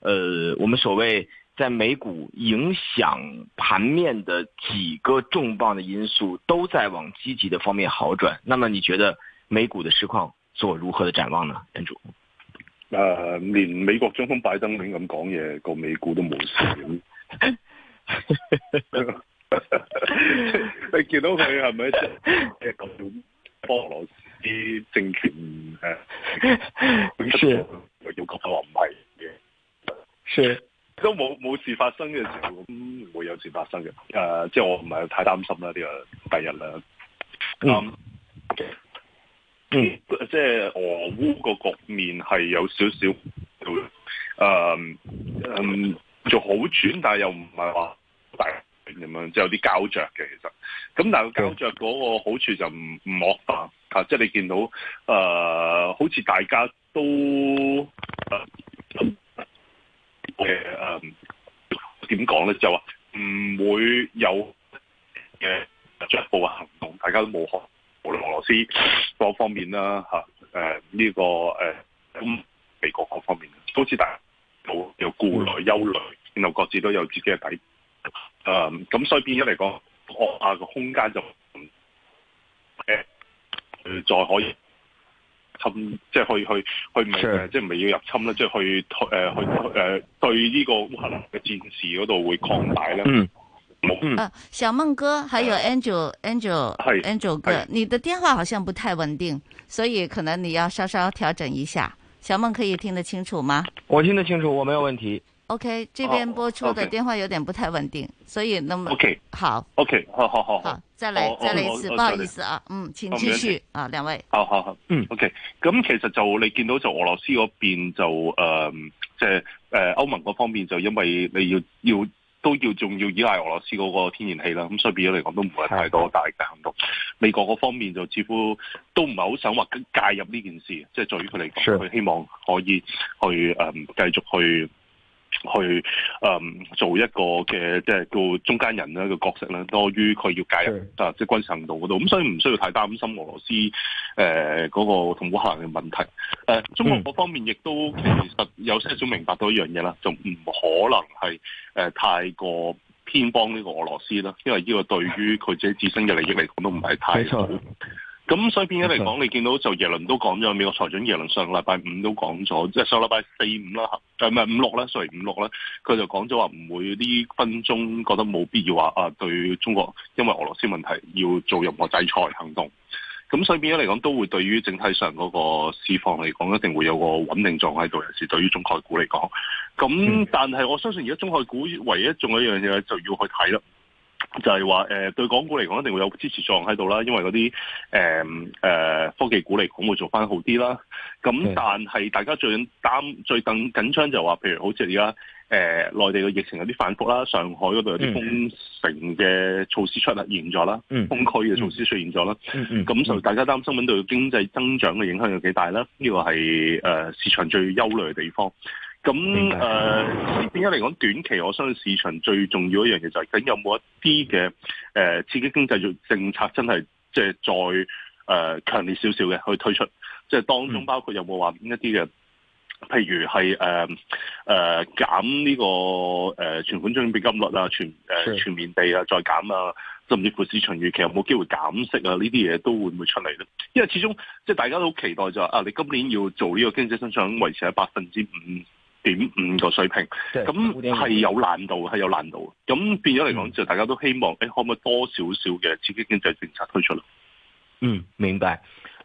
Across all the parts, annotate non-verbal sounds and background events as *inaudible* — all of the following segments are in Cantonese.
呃，我們所謂在美股影響盤面的幾個重磅的因素，都在往積極的方面好轉。那麼，你覺得美股的實況做如何的展望呢？任主，呃，連美國總統拜登亂咁講嘢，個美股都冇事。 *laughs* *laughs* *laughs* 你見到佢係咪即係咁樣？俄羅斯政權誒，呃、說是出要講就話唔係。都冇冇事發生嘅時候，咁、嗯、會有事發生嘅。誒、呃，即係我唔係太擔心啦，呢、這個第日啦。呃嗯嗯、即係俄烏個局面係有少少誒、呃，嗯，做好轉，但係又唔係話大咁樣，即係有啲膠着嘅。其實，咁但係膠着嗰個好處就唔唔惡啊，即係你見到誒、呃，好似大家都。呃嘅誒點講咧，就話唔會有嘅進一步嘅行動，大家都冇學，無論俄羅斯各方面啦嚇，誒、啊、呢、啊這個誒咁、啊、美國各方面，都知大家有有顧慮、憂慮，然後各自都有自己嘅底。誒、啊、咁，所以變咗嚟講，惡下嘅空間就誒，唔再可以。即係去去去唔係，即係唔係要入侵啦，即係去誒、呃、去誒、呃、對呢、這個烏克蘭嘅戰事嗰度會擴大啦。嗯，嗯啊，小孟哥，還有 Angel Angel，係 Angel 哥，的你的電話好像不太穩定，的所以可能你要稍稍調整一下。小孟可以聽得清楚嗎？我聽得清楚，我沒有問題。O.K.，這邊播出的電話有點不太穩定，所以那麼 O.K. 好 O.K. 好好好，好再來再來一次，不好意思啊，嗯，請繼續啊，兩位好好好嗯 O.K. 咁其實就你見到就俄羅斯嗰邊就誒即係誒歐盟嗰方面就因為你要要都要仲要依賴俄羅斯嗰個天然氣啦，咁所以變咗嚟講都唔係太多大嘅行動。美國嗰方面就似乎都唔係好想話介入呢件事，即係在於佢嚟講，佢希望可以去誒繼續去。去誒、嗯、做一個嘅即係叫中間人嘅一個角色啦，多於佢要介入的啊，即、就、係、是、軍事行動嗰度，咁所以唔需要太擔心俄羅斯誒嗰、呃那個同烏克蘭嘅問題。誒、呃、中國嗰方面亦都其實有些少明白到一樣嘢啦，就唔可能係誒、呃、太過偏幫呢個俄羅斯啦，因為呢個對於佢自己自身嘅利益嚟講都唔係太好。咁所以變咗嚟講，你見到就耶倫都講咗，美國財長耶倫上禮拜五都講咗，即係上禮拜四五啦，誒唔係五六啦，上嚟五六呢，佢就講咗話唔會呢分鐘覺得冇必要話啊對中國因為俄羅斯問題要做任何制裁行動。咁所以變咗嚟講，都會對於整體上嗰個市況嚟講，一定會有個穩定狀態度。尤其是對於中概股嚟講，咁但係我相信而家中概股唯一仲有一樣嘢就要去睇啦。就係話誒對港股嚟講一定會有支持作用喺度啦，因為嗰啲誒誒科技股嚟講會做翻好啲啦。咁但係大家最擔最更緊張就係話，譬如好似而家誒內地嘅疫情有啲反覆啦，上海嗰度有啲封城嘅措施出現咗啦，封區嘅措施出現咗啦。咁就、嗯、大家擔心對經濟增長嘅影響有幾大啦？呢、這個係誒、呃、市場最憂慮嘅地方。咁誒，點解嚟講短期？我相信市場最重要一樣嘢就係、是、緊有冇一啲嘅誒刺激經濟政策真，真係即係再誒、呃、強烈少少嘅去推出。即、就、係、是、當中包括有冇話邊一啲嘅，譬如係誒誒減呢、這個誒存、呃、款準備金率啊，全誒、呃、全面地啊，再減啊，甚至乎市場預期有冇機會減息啊？呢啲嘢都會唔會出嚟咧？因為始終即係大家都好期待就話、是、啊，你今年要做呢個經濟增長維持喺百分之五點五個水平，咁係有難度，係有難度。咁變咗嚟講，就大家都希望，誒可唔可以多少少嘅刺激經濟政策推出咧？嗯，明白。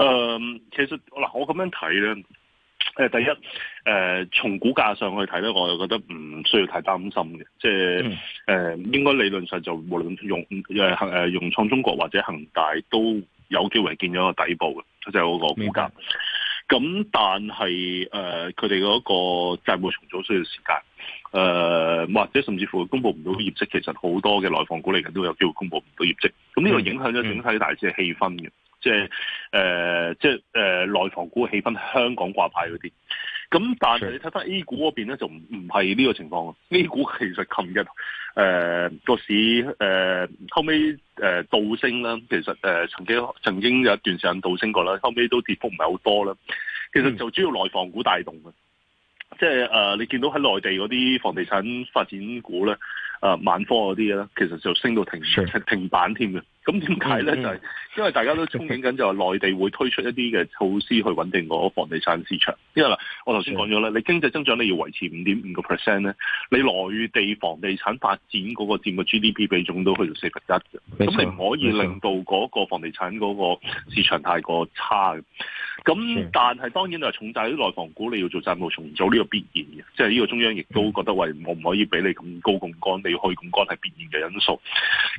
誒、嗯，其實嗱，我咁樣睇咧，誒，第一，誒、呃，從股價上去睇咧，我又覺得唔需要太擔心嘅，即係誒，應該理論上就無論用誒誒融創中國或者恒大都有機會見咗一個底部嘅，就係、是、嗰個股價。咁白但係誒，佢哋嗰個債務重組需要時間，誒、呃，或者甚至乎公佈唔到業績，其實好多嘅內房股嚟緊都有機會公佈唔到業績，咁呢個影響咗整體大市嘅氣氛嘅。嗯嗯嗯即係誒、呃，即係誒內房股嘅氣氛，香港掛牌嗰啲。咁但係你睇翻 A 股嗰邊咧，就唔係呢個情況。嗯、A 股其實琴日誒個市誒後尾誒、呃、倒升啦，其實誒、呃、曾經曾經有一段時間倒升過啦，後尾都跌幅唔係好多啦。其實就主要內房股帶動嘅，即係誒你見到喺內地嗰啲房地產發展股咧。誒萬科嗰啲嘢咧，其實就升到停，Sure. 停板添嘅。咁點解咧？Mm hmm. 就係因為大家都憧憬緊，就係內地會推出一啲嘅措施去穩定嗰個房地產市場。因為嗱，我頭先講咗啦，Yeah. 你經濟增長你要維持五點五個 percent 咧，你內地房地產發展嗰個佔嘅 GDP 比重都去到四分一嘅，咁 Exactly. 你唔可以令到嗰個房地產嗰個市場太過差嘅。咁 Yeah. 但係當然就係重債啲內房股，你要做債務重組呢、這個必然嘅，即係呢個中央亦都覺得喂，Yeah. 我唔可以俾你咁高槓桿。要去咁講係必然嘅因素，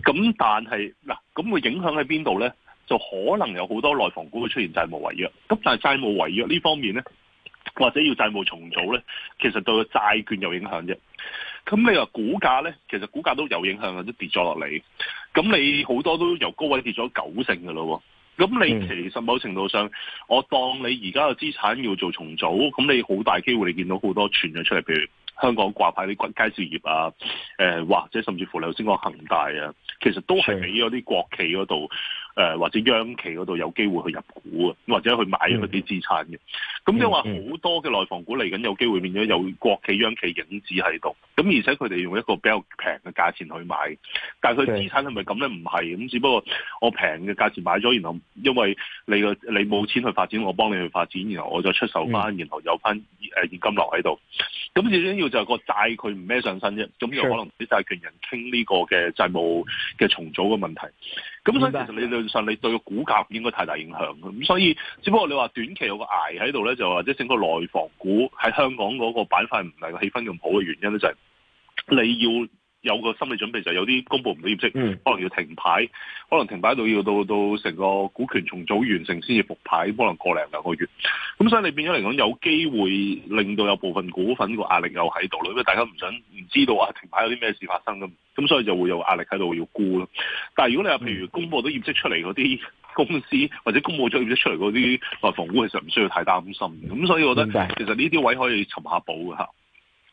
咁但係嗱，咁個影響喺邊度咧？就可能有好多內房股會出現債務違約，咁但係債務違約呢方面咧，或者要債務重組咧，其實對個債券有影響啫。咁你話股價咧，其實股價都有影響，或者跌咗落嚟。咁你好多都由高位跌咗九成噶咯喎。咁你其實某程度上，我當你而家嘅資產要做重組，咁你好大機會你見到好多傳咗出嚟，譬如。香港掛牌啲骨街事業啊，誒，或者甚至乎你頭先講恒大啊，其實都係俾咗啲國企嗰度。誒、呃、或者央企嗰度有機會去入股啊，或者去買佢啲資產嘅。咁即係話好多嘅內房股嚟緊有機會變咗有國企、央企影子喺度。咁而且佢哋用一個比較平嘅價錢去買，但係佢資產係咪咁咧？唔係咁，只不過我平嘅價錢買咗，然後因為你個你冇錢去發展，我幫你去發展，然後我再出售翻，嗯、然後有翻誒、呃、現金流喺度。咁最緊要就係個債，佢唔孭上身啫。咁有可能啲債權人傾呢個嘅債務嘅重組嘅問題。咁、嗯、所以其實理論上你對個股價唔應該太大影響，咁所以只不過你話短期有個捱喺度咧，就或者整個內房股喺香港嗰個板塊唔係個氣氛咁好嘅原因咧，就係、是、你要。有個心理準備就係、有啲公布唔到業績，嗯、可能要停牌，可能停牌到要到到成個股權重組完成先至復牌，可能過零兩個月。咁、嗯、所以你變咗嚟講，有機會令到有部分股份個壓力又喺度咯，因為大家唔想唔知道啊停牌有啲咩事發生咁，咁、嗯、所以就會有壓力喺度要沽咯。但係如果你話譬如公布到業績出嚟嗰啲公司，或者公布咗業績出嚟嗰啲內房股，其實唔需要太擔心。咁、嗯、所以我覺得其實呢啲位可以尋下寶嘅吓。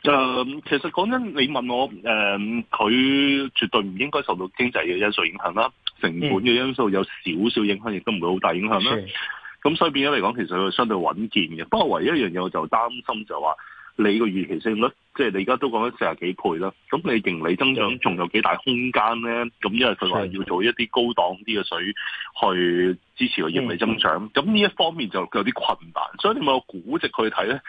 誒、嗯，其實講真，你問我誒，佢、嗯、絕對唔應該受到經濟嘅因素影響啦，成本嘅因素有少少影響，亦都唔會好大影響啦。咁所以變咗嚟講，其實佢係相對穩健嘅。不過唯一一樣嘢，我就擔心就話你個預期市盈率，即、就、係、是、你而家都講緊四十幾倍啦。咁你盈利增長仲有幾大空間咧？咁因為佢話要做一啲高檔啲嘅水去支持個盈利增長，咁呢的、嗯、一方面就有啲困難。所以你問我估值去睇咧？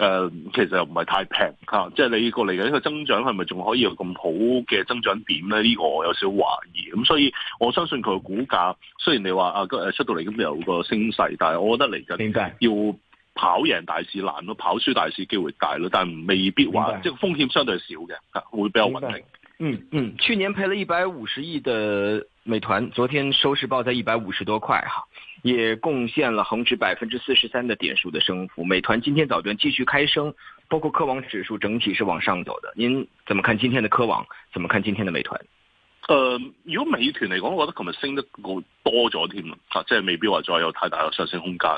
誒、呃，其實又唔係太平吓、啊，即係你過嚟嘅呢個增長係咪仲可以有咁好嘅增長點咧？呢、這個我有少少懷疑，咁、啊、所以我相信佢嘅股價雖然你話啊誒出到嚟咁有個升勢，但係我覺得嚟緊要跑贏大市難咯，跑輸大市機會大咯，但係未必話白即係風險相對少嘅吓、啊，會比較穩定。嗯嗯，去年賠咗一百五十億嘅美團，昨天收市報在一百五十多塊哈。也貢獻了恒指百分之四十三的點數的升幅。美團今天早段繼續開升，包括科網指數整體是往上走的。您怎麼看今天的科網？怎麼看今天的美團？呃，如果美團嚟講，我覺得琴日升得夠多咗添啊，即係未必話再有太大嘅上升空間。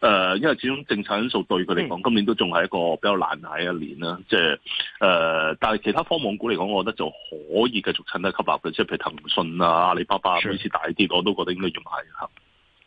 呃，因為始終政策因素對佢嚟講，嗯、今年都仲係一個比較難挨嘅一年啦。即係、嗯、呃，但係其他科網股嚟講，我覺得就可以繼續趁低吸納嘅，即係譬如騰訊啊、阿里巴巴，好是次大跌，我都覺得應該用下。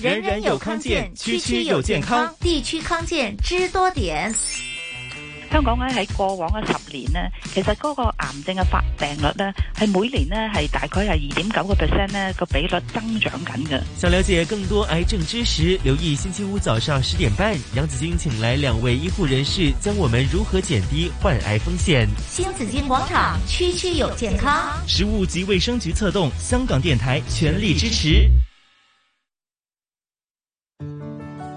人人有康健，區區有健康，區區健康地區康健知多點。香港咧，喺過往嘅十年咧，其實嗰個癌症嘅發病率咧，係每年咧係大概係二點九個 percent 咧個比率增長緊嘅。想了解更多癌症知識，留意星期五早上十點半，楊子矜請來兩位醫護人士，教我們如何減低患癌風險。新紫荊廣場區區有健康，食物及衛生局策動，香港電台全力支持。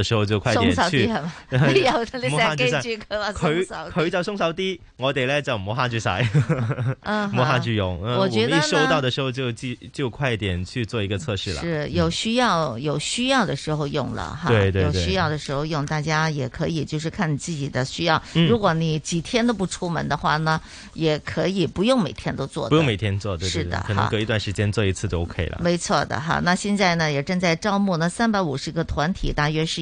就做虧錢，鬆手啲係嘛？你又你成跟住佢話鬆就鬆手啲，我哋咧就唔好慳住使，唔好慳住用。我覺得收到的時候就就快點去做一個測試啦。是有需要有需要的時候用了哈，有需要的時候用，大家也可以就是看你自己的需要。如果你幾天都不出門的話呢，也可以不用每天都做，不用每天做，是的，可能隔一段時間做一次就 OK 了。沒錯的哈。那現在呢也正在招募呢三百五十個團體，大約是。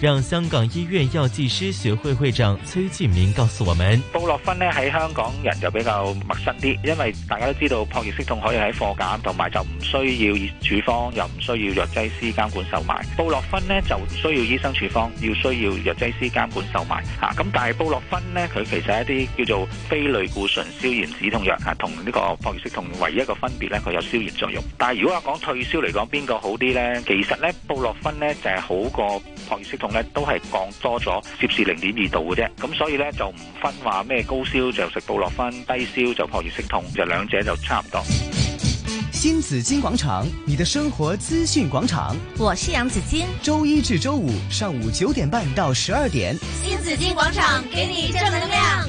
讓香港醫院藥劑師學會會長崔俊明告訴我們：布洛芬呢喺香港人就比較陌生啲，因為大家都知道撲熱息痛可以喺貨架同埋就唔需要處方，又唔需要藥劑師監管售賣。布洛芬呢就需要醫生處方，又需要藥劑師監管售賣吓。咁、啊、但係布洛芬呢，佢其實係一啲叫做非類固醇消炎止痛藥吓，同、啊、呢個撲熱息痛唯一一個分別呢，佢有消炎作用。但係如果話講退燒嚟講，邊個好啲呢？其實呢，布洛芬呢就係、是、好過撲熱息痛。咧都係降多咗，攝氏零點二度嘅啫。咁所以咧就唔分話咩高燒就食布洛芬，低燒就撲熱息痛，就兩者就差唔多。新紫荊廣場，你的生活資訊廣場，我是楊子矜。周一至周五上午九點半到十二點，新紫荊廣場給你正能量。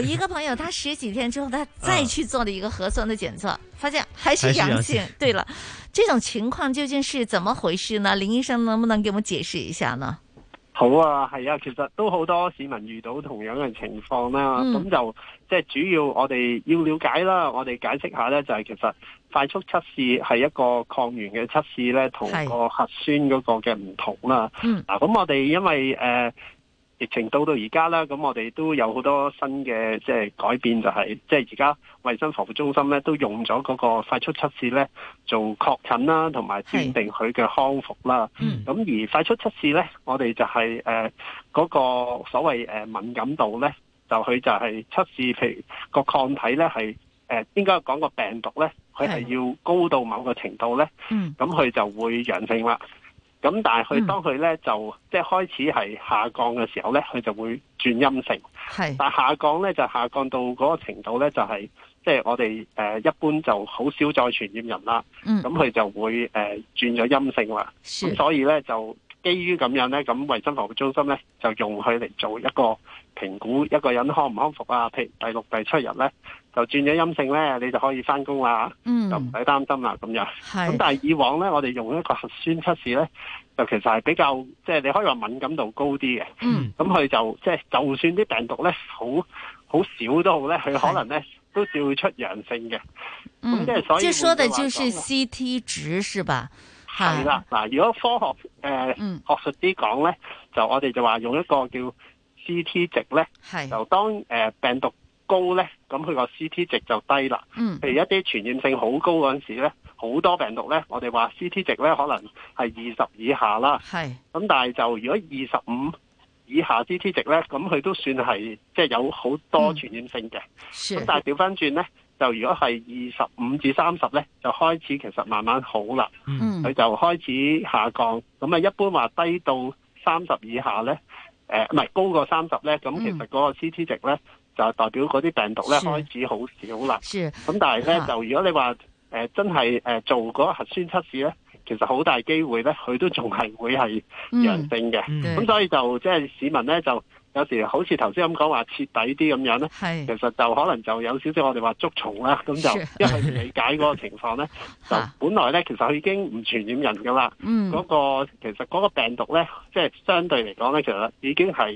一個朋友，他十幾天之後，他再去做了一個核酸的檢測，發現、啊、還是陽性。是對了，是這種情況究竟是怎麼回事呢？林醫生，能不能給我們解釋一下呢？好啊，係啊，其實都好多市民遇到同樣嘅情況啦，咁、嗯、就即係、就是、主要我哋要了解啦，我哋解釋下呢，就係、是、其實快速測試係一個抗原嘅測試呢，同個核酸嗰個嘅唔同啦。嗯，啊，咁我哋因為誒。呃疫情到到而家啦，咁我哋都有好多新嘅即係改變，就係即係而家衛生防護中心咧都用咗嗰個快速測試咧做確診啦，同埋斷定佢嘅康復啦。咁是而快速測試咧，我哋就係誒嗰個所謂誒敏感度咧，就佢就係測試，譬如個抗體咧係誒應該講個病毒咧，佢係要高到某個程度咧，咁佢的就會陽性啦。咁但係佢、嗯、當佢咧就即係開始係下降嘅時候咧，佢就會轉陰性。係是，但下降咧就下降到嗰個程度咧，就係、是、即係我哋誒、呃、一般就好少再傳染人啦。咁佢、嗯、就會誒轉咗陰性啦。咁是、嗯、所以咧就。基於咁樣咧，咁衛生防護中心咧就用佢嚟做一個評估，一個人康唔康復啊？譬如第六、第七日咧就轉咗陰性咧，你就可以翻工啦，嗯、就唔使擔心啦咁樣。咁是但係以往咧，我哋用一個核酸測試咧，就其實係比較即係、就是、你可以話敏感度高啲嘅。咁佢、嗯、就即係就算啲病毒咧好好少都好咧，佢可能咧是都照出陽性嘅。即係所以即係就說的就是 CT 值是吧？係啦，嗱、啊，如果科學誒、呃嗯、學術啲講咧，就我哋就話用一個叫 C T 值咧，是就當誒病毒高咧，咁佢個 C T 值就低啦。嗯，譬如一啲傳染性好高嗰陣時咧，好多病毒咧，我哋話 C T 值咧可能係二十以下啦。係是，咁但係就如果二十五以下 C T 值咧，咁佢都算係即係有好多傳染性嘅。咁、嗯、但係調翻轉咧？就如果係二十五至三十咧，就開始其實慢慢好啦，佢、嗯、就開始下降。咁啊，一般話低到三十以下咧，誒唔係高過三十咧，咁其實嗰個 C T 值咧就代表嗰啲病毒咧是開始好少啦。咁是但係咧，就如果你話誒、呃、真係誒做嗰個核酸測試咧，其實好大機會咧，佢都仲係會係陽性嘅。咁、嗯、所以就即係市民咧就。有時好似頭先咁講話徹底啲咁樣咧，是其實就可能就有少少我哋話捉蟲啦，咁就是因為理解嗰個情況咧， *laughs* 就本來咧其實已經唔傳染人噶啦，嗰、嗯嗰個其實嗰個病毒咧，即係相對嚟講咧，其實已經係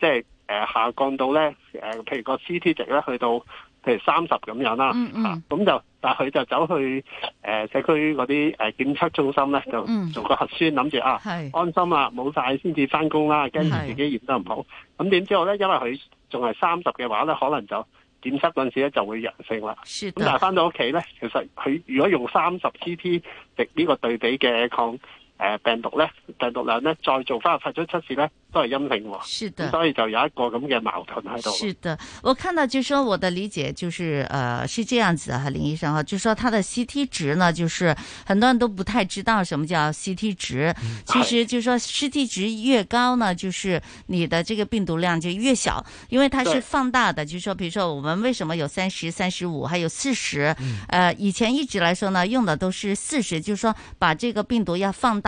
即係誒、呃、下降到咧、呃、譬如個 CT 值咧去到。譬如三十咁樣啦，咁就、嗯嗯啊、但係佢就走去誒、呃、社區嗰啲誒檢測中心咧，就做個核酸，諗住啊，安心啦，冇晒先至翻工啦，跟住自己驗得唔好，咁點之後咧，因為佢仲係三十嘅話咧，可能就檢測嗰陣時咧就會陽性啦。咁的但係翻到屋企咧，其實佢如果用三十 CT 值呢個對比嘅抗。呃病毒呢，病毒量呢，再做翻化驗測試呢，都係陰性的，是的，所以就有一個咁嘅矛盾喺度。是的，我看到就係說，我的理解就是，呃，是這樣子啊。林醫生啊，就係、是、說它的 CT 值呢，就是很多人都不太知道什麼叫 CT 值。嗯、其實就是說 CT 值越高呢，就是你的這個病毒量就越小，因為它是放大的。就是說，譬如說，我們為什麼有三十三十五，還有四十、嗯？呃以前一直來說呢，用的都是四十，就是說，把這個病毒要放大。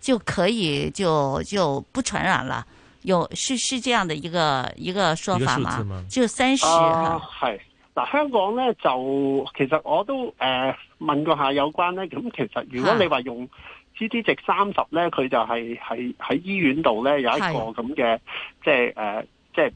就可以就就不傳染啦，有是是這樣的一個一個說法嘛？就三十哈。嗱、呃，香港呢，就其實我都誒、呃、問過下有關呢。咁其實如果你話用 C T 值三十呢，佢的就係係喺醫院度呢，有一個咁嘅即係誒即係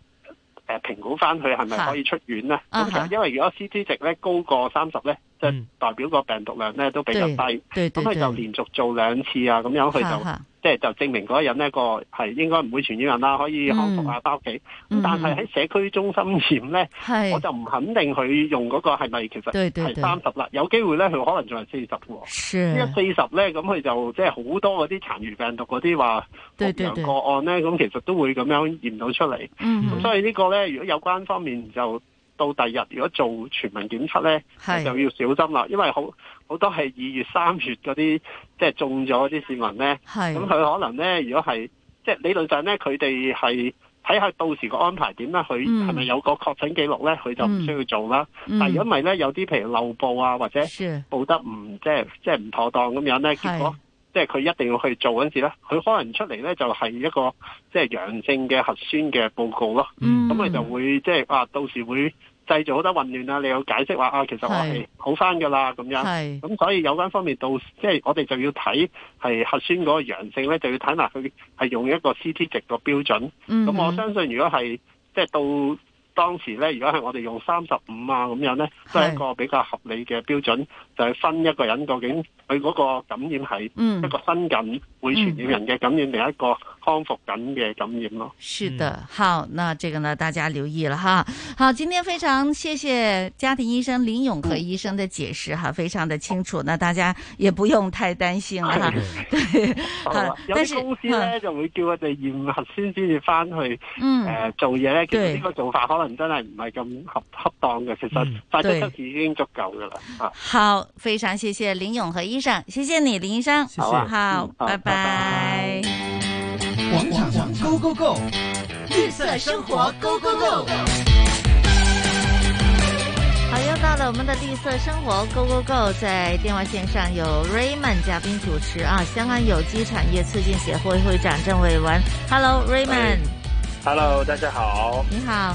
誒評估翻佢係咪可以出院呢？咁就的因為如果 C T 值呢高過三十呢。即係代表個病毒量咧都比較低，咁佢就連續做兩次啊，咁樣佢就即係就證明嗰個人呢個係應該唔會傳染人啦，可以康復啊翻屋企。咁但係喺社區中心驗咧，我就唔肯定佢用嗰個係咪其實係三十啦，有機會咧，佢可能仲係四十喎。因為四十咧，咁佢就即係好多嗰啲殘餘病毒嗰啲話個案咧，咁其實都會咁樣驗到出嚟。咁所以呢個咧，如果有關方面就。到第日，如果做全民檢測咧，是就要小心啦，因為好好多係二月三月嗰啲即係中咗嗰啲市民咧，咁佢是可能咧，如果係即係理論上咧，佢哋係睇下到時個安排點啦，佢係咪有個確診記錄咧，佢就唔需要做啦。嗯、但如果唔係咧，有啲譬如漏報啊，或者報得唔即係即係唔妥當咁樣咧，是結果即係佢一定要去做嗰陣時啦，咧，佢可能出嚟咧就係、是、一個即係陽性嘅核酸嘅報告咯。咁佢、嗯、就會即係、就是、啊，到時會。製造好多混亂啊！你要解釋話啊，其實我係好翻嘅啦，咁是樣。係是，咁所以有關方面到，即係我哋就要睇係核酸嗰個陽性咧，就要睇埋佢係用一個 CT 值個標準。咁、嗯、哼我相信如果係即係到。當時咧，如果係我哋用三十五啊咁樣咧，都、就、係、是、一個比較合理嘅標準。是就係分一個人究竟佢嗰個感染係一個新緊會傳染人嘅感染，定、嗯、一個康復緊嘅感染咯。是的，好，那這個呢，大家留意了哈。好，今天非常謝謝家庭醫生林永和醫生的解釋哈，非常的清楚，那大家也不用太擔心啦 *laughs* 哈。對，啊、是有啲公司咧、嗯、就會叫我哋驗核酸先至翻去，呃、做事嗯，做嘢咧，其實呢個做法可能。真係唔係咁合恰當嘅，其實快測已經足夠噶啦。啊、好，非常謝謝林永和醫生，謝謝你，林醫生，好啊，好，嗯、拜拜。廣場上 Go Go Go，綠色生活 Go Go Go。好，又到了我們的綠色生活 Go Go Go，在電話線上有 Raymond 嘉賓主持啊，香港有機產業促進協會會長鄭偉文，Hello Raymond，Hello 大家好，你好。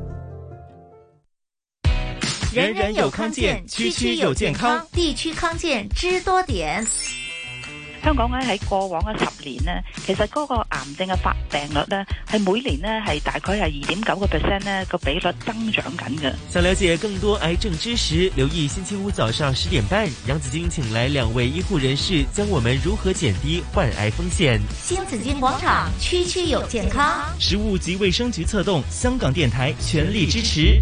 人人有康健，區區有健康，區區健康地區康健知多點。香港咧，喺過往嘅十年其實嗰個癌症嘅發病率咧，係每年咧係大概係二點九個 percent 咧個比率增長緊嘅。想了解更多癌症知識，留意星期五早上十點半，楊子矜請來兩位醫護人士，教我們如何減低患癌風險。新紫荊廣場區區有健康，食物及衛生局策動，香港電台全力支持。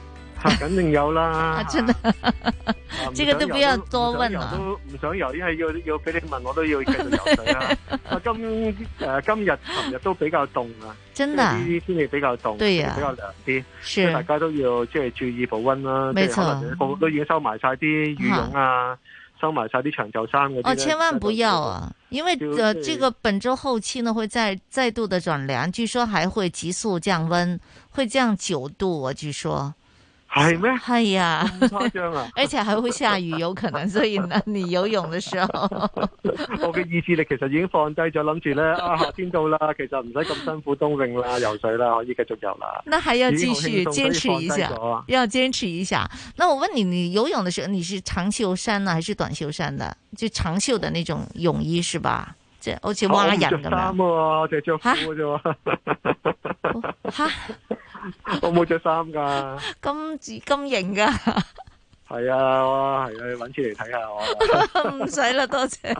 肯定有啦！真的，這個都不要多問了啊！唔想游，因為要要俾你問我都要繼續游水啦。啊，今誒今日、琴日都比較凍啊！真的，呢啲天氣比較凍，對呀，比較涼啲，所以大家都要即係注意保溫啦。沒錯，個個都已經收埋晒啲羽絨啊，收埋晒啲長袖衫嗰啲哦，千萬不要啊！因為誒，這個本周後期呢會再再度的轉涼，據說還會急速降溫，會降九度。我據說。係咩？係、哎、呀啊，咁誇張啊！而且還會下雨，有可能， *laughs* 所以呢，你游泳的時候， *laughs* 我嘅意志力其實已經放低咗，諗住咧啊，夏天到啦，其實唔使咁辛苦冬泳啦，游水啦，可以繼續游啦。那還要繼續堅持，持一下，要堅持一下。那我問你，你游泳的時候，你是長袖衫呀，還是短袖衫的？就長袖的那種泳衣是吧？即係好似蛙人咁啱。我唔着衫喎，我着褲啫。 *laughs* 我冇着衫噶，咁自咁型噶，係 *laughs* 啊，哇，係啊，你搵次嚟睇下我，唔使啦，多謝，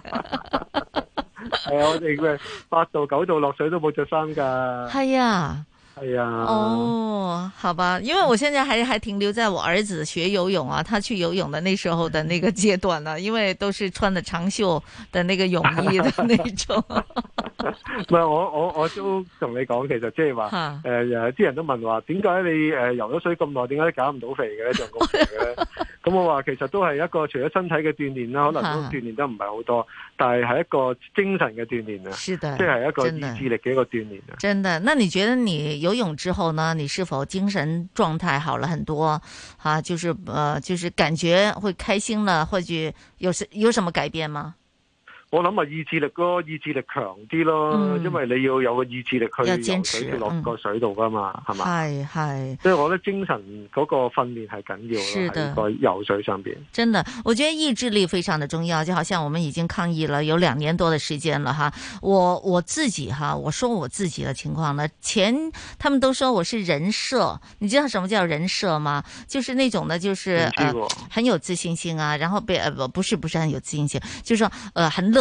係 *laughs* *laughs* 啊，我哋嘅八度九度落水都冇着衫噶，係啊。係啊，哦、哎，oh, 好吧，因為我現在還還停留在我兒子學游泳啊，他去游泳的那時候的那個階段啦、啊，因為都是穿的長袖的那個泳衣的那種。唔係，我我我都同你講，其實即係話，誒、 *laughs* 呃，有啲人都問話，點解你誒游咗水咁耐，點解你減唔到肥嘅咧？仲咁肥嘅咧？ *laughs* 咁、嗯、我話其實都係一個除咗身體嘅鍛煉啦，可能都鍛煉得唔係好多，嗯、但係係一個精神嘅鍛煉啊，即係係一個意志力嘅一個鍛煉啊。真嘅。那你覺得你游泳之後呢？你是否精神狀態好了很多？啊，就是，呃，就是感覺會開心啦，或者有什有什麼改變嗎？我諗啊，意志力咯，意志力強啲咯，因為你要有個意志力去游水，要落個水度噶嘛，係嘛，嗯，係係吧，所以我覺得精神嗰個訓練係緊要咯，喺的個游水上邊。真的，我覺得意志力非常的重要，就好像我們已經抗疫了有兩年多的時間了哈。我我自己哈，我說我自己的情況呢，前他們都說我是人設，你知道什麼叫人設嗎？就是那種呢，就是，呃、很有自信心啊，然後被不、呃、不是不是很有自信心，就說，是，呃，很樂。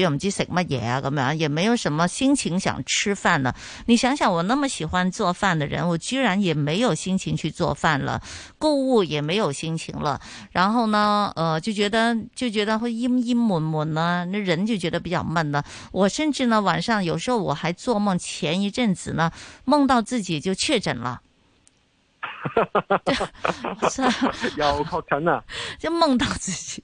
我們去食乜嘢啊？咁樣 *noise* 也沒有什麼心情想吃飯了。你想想，我那麼喜歡做飯的人，我居然也沒有心情去做飯了，購物也沒有心情了。然後呢，呃，就覺得就覺得會陰陰悶悶呢、啊，那人就覺得比較悶了、啊。我甚至呢，晚上有時候我還做夢，前一陣子呢，夢到自己就確診了。哈確診就夢到自己。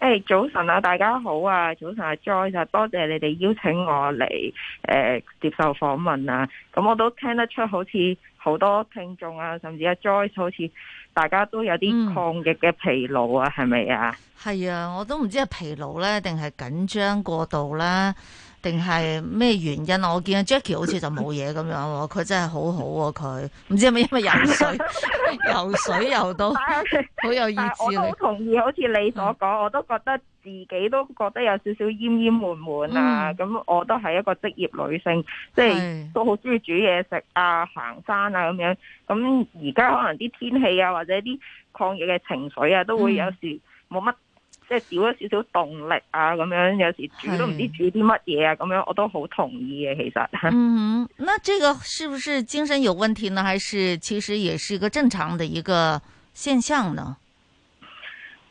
誒，hey, 早晨啊，大家好啊，早晨啊，Joy 啊，多謝你哋邀請我嚟、誒、呃、接受訪問啊，咁我都聽得出好似好多聽眾啊，甚至阿 Joyce 好似大家都有啲抗疫嘅疲勞啊，係咪、嗯、啊？係啊，我都唔知係疲勞咧，定係緊張過度啦？定係咩原因？我見 Jackie 好似就冇嘢咁樣喎，佢 *laughs* 真係好好、啊、喎，佢唔知係咪因為游水、 *laughs* 游水游到，好有意思。我都好同意，好似是你所講，我都覺得自己都覺得有少少奄奄悶悶啊！咁、嗯、我都係一個職業女性，是即係都好中意煮嘢食啊、行山啊咁樣。咁而家可能啲天氣啊，或者啲抗疫嘅情緒啊，都會有時冇乜。即係少咗少少動力啊，咁樣有時煮都唔知煮啲乜嘢啊，咁的樣我都好同意嘅。其實，嗯哼，那這個是不是精神有問題呢？還是其實也是一個正常的一個現象呢？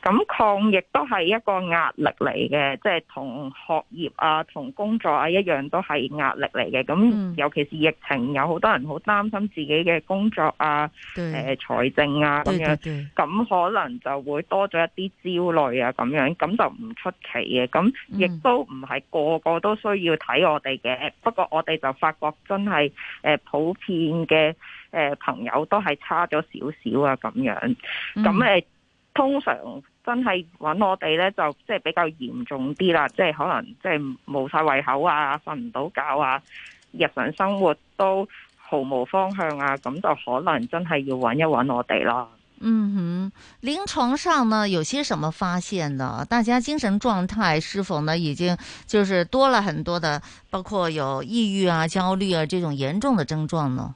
咁抗疫都係一個壓力嚟嘅，即係同學業啊、同工作啊一樣都係壓力嚟嘅。咁、嗯、尤其是疫情，有好多人好擔心自己嘅工作啊、誒對、呃、財政啊咁樣，咁可能就會多咗一啲焦慮啊咁樣，咁就唔出奇嘅。咁亦都唔係個個都需要睇我哋嘅，嗯、不過我哋就發覺真係誒、呃、普遍嘅誒、呃、朋友都係差咗少少啊咁樣，咁誒。嗯呃通常真係揾我哋咧，就即係比較嚴重啲啦，即係可能即係冇晒胃口啊，瞓唔到覺啊，日常生活都毫無方向啊，咁就可能真係要揾一揾我哋啦。嗯哼，臨床上呢，有些什麼發現呢？大家精神狀態是否呢已經就是多了很多的，包括有抑鬱啊、焦慮啊這種嚴重的症狀呢？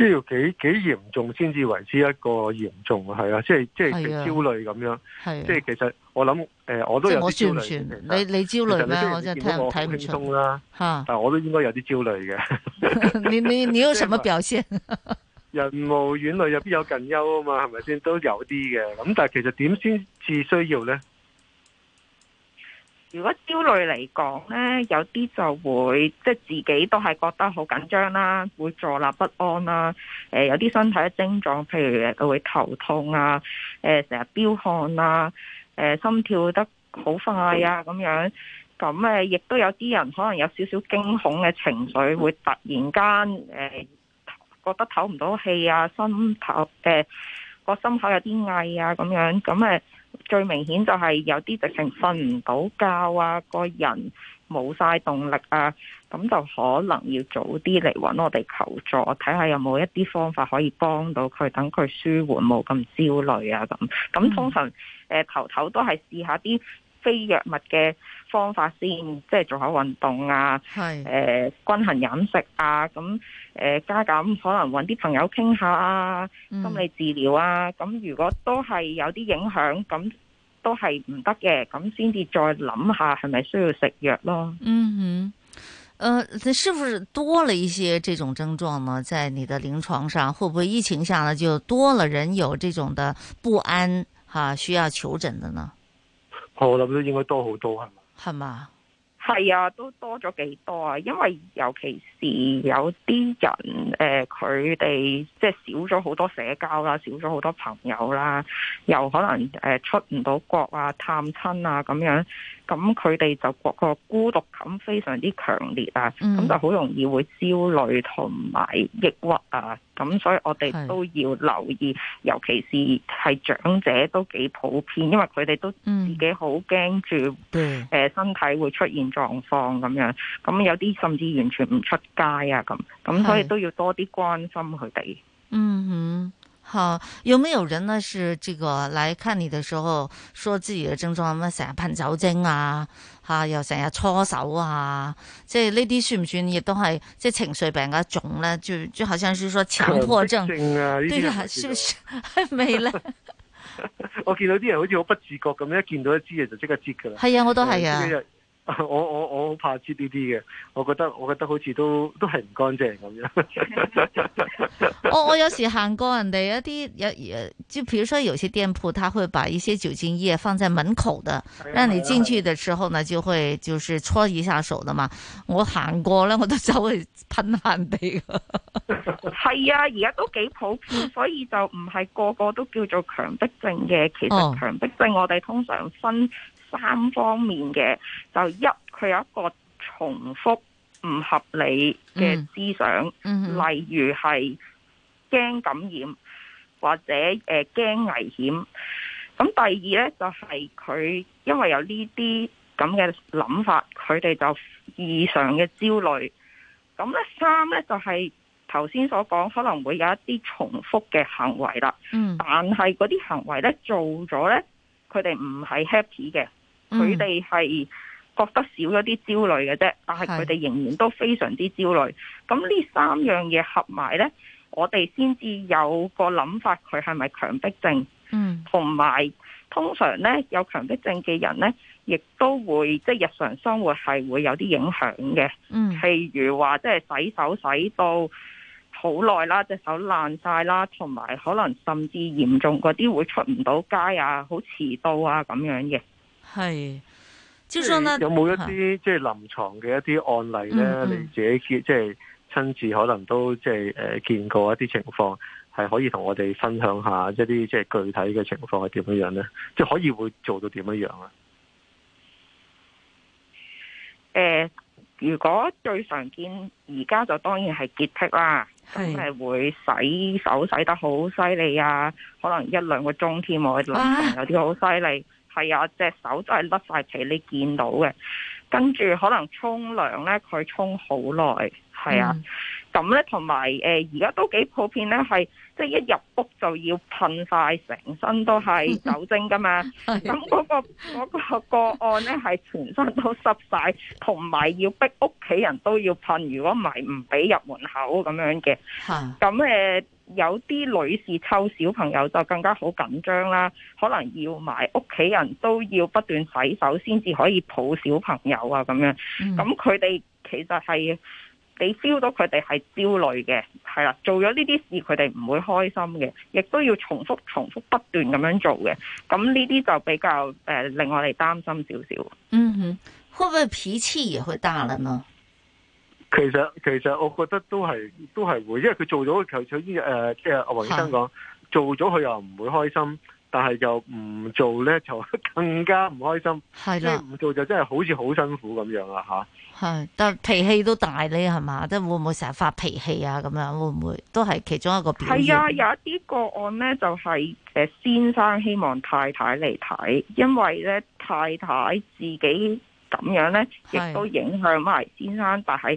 需要幾幾嚴重先至為之一個嚴重係啊，即係即係焦慮咁樣，啊啊、即係其實我諗誒、呃，我都有啲焦慮。你你焦慮咩？我真係睇唔睇唔出啦，但係我都應該有啲焦慮嘅、啊。 *laughs* 你你你有什麼表現？人無遠慮，又必 *laughs* 有近憂啊？嘛，係咪先都有啲嘅？咁但係其實點先至需要咧？如果焦慮嚟講呢，有啲就會即係自己都係覺得好緊張啦，會坐立不安啦。誒，有啲身體嘅症狀，譬如佢會頭痛啊，成日飆汗啊，誒，心跳得好快啊，咁樣咁誒，亦都有啲人可能有少少驚恐嘅情緒，會突然間誒覺得唞唔到氣啊，心口誒個心口有啲翳啊，咁樣咁誒。最明顯就係有啲直情瞓唔到覺啊，個人冇晒動力啊，咁就可能要早啲嚟揾我哋求助，睇下有冇一啲方法可以幫到佢，等佢舒緩冇咁焦慮啊咁。咁通常誒、嗯、頭頭都係試下啲非藥物嘅。方法先，即係做下運動啊，係誒是、呃、均衡飲食啊，咁、呃、誒加減可能搵啲朋友傾下啊，心理治療啊，咁、嗯、如果都係有啲影響，咁都係唔得嘅，咁先至再諗下係咪需要食藥咯。嗯哼，誒、呃，是不是多了一些這種症狀呢？在你的臨床上，會不會疫情下呢就多了人有這種的不安哈、啊，需要求診的呢？哦、我諗都應該多好多係。係嘛？係啊，都多咗幾多啊，因為尤其有啲人誒佢哋即係少咗好多社交啦，少咗好多朋友啦，又可能誒出唔到國啊、探親啊咁樣，咁佢哋就覺個孤獨感非常之強烈啊，咁、嗯、就好容易會焦慮同埋抑鬱啊，咁所以我哋都要留意，是尤其是係長者都幾普遍，因為佢哋都自己好驚住誒身體會出現狀況，咁樣，咁有啲甚至完全唔出現。街啊，咁咁，所以都要多啲關心佢哋。嗯哼，好，有沒有人呢？是這個來看你的時候說自己的，說自己嘅症狀，咁啊，成日噴酒精啊，吓、啊、又成日搓手啊，即係呢啲算唔算？亦都係即係情緒病嘅一種咧，就呢就，就好像是說強迫，迫症啊，對啊，是不是未咧？我見到啲人好似好不自覺咁樣，一見到一支嘢就即刻接㗎喇。係啊，我都係啊。嗯我我我好怕黐呢啲嘅，我覺得我覺得好似都都係唔乾淨咁樣。我、 *laughs* 哦、我有時行過人哋一啲，就就譬如說有些店鋪，佢會把一些酒精液放在門口的，啊、讓你進去的時候呢，啊、就會就是搓一下手啦嘛。我行過呢，我都走去噴下人哋。係啊，而家、啊啊、都幾普遍， *laughs* 所以就唔係個個都叫做強迫症嘅。其實強迫症、哦、我哋通常分。三方面嘅就一，佢有一個重複唔合理嘅思想，嗯嗯、例如係驚感染或者誒驚、呃、危險。咁第二呢，就係、是、佢因為有呢啲咁嘅諗法，佢哋就異常嘅焦慮。咁咧三呢，就係頭先所講，可能會有一啲重複嘅行為啦。嗯、但係嗰啲行為呢做咗呢，佢哋唔係 happy 嘅。佢哋係覺得少咗啲焦慮嘅啫，但係佢哋仍然都非常之焦慮。咁呢是三樣嘢合埋呢，我哋先至有個諗法，佢係咪強迫症？嗯，同埋通常呢，有強迫症嘅人呢，亦都會即係日常生活係會有啲影響嘅。嗯，譬如話即係洗手洗到好耐啦，隻手爛晒啦，同埋可能甚至嚴重嗰啲會出唔到街啊，好遲到啊咁樣嘅。係，有冇一啲即係臨床嘅一啲案例呢？嗯嗯、你自己即係親自可能都即係誒見過一啲情況，係可以同我哋分享下一啲即係具體嘅情況係點樣樣咧？即、就、係、是、可以會做到點樣樣啊？誒、呃，如果最常見而家就當然係潔癖啦，係是會洗手洗得好犀利啊！可能一兩個鐘添，我臨床有啲好犀利。啊係啊，隻手都係甩晒皮，你見到嘅。跟住可能沖涼咧，佢沖好耐，係啊。咁咧同埋，誒而家都幾普遍咧，係。即係一入屋就要噴晒，成身都係酒精㗎嘛，咁嗰個個案呢，係全身都濕晒，同埋要逼屋企人都要噴，如果唔係唔俾入門口咁樣嘅。咁 *laughs* 有啲女士湊小朋友就更加好緊張啦，可能要埋屋企人都要不斷洗手先至可以抱小朋友啊咁樣。咁佢哋其實係。你 feel 到佢哋係焦慮嘅，係啦，做咗呢啲事佢哋唔會開心嘅，亦都要重複重複不斷咁樣做嘅，咁呢啲就比較誒、呃、令我哋擔心少少。嗯哼，會唔會脾氣也會大了呢？其實其實我覺得都係都係會，因為佢做咗佢求啲誒，即係阿黃醫生講，做咗佢又唔會開心。但係就唔做咧，就更加唔開心。係啦的，唔做就真係好似好辛苦咁樣啦，吓。係，但脾氣都大你係嘛，即係會唔會成日發脾氣啊？咁樣會唔會都係其中一個表現？係啊，有一啲個案咧，就係誒先生希望太太嚟睇，因為咧太太自己咁樣咧，亦都影響埋先生。是的但係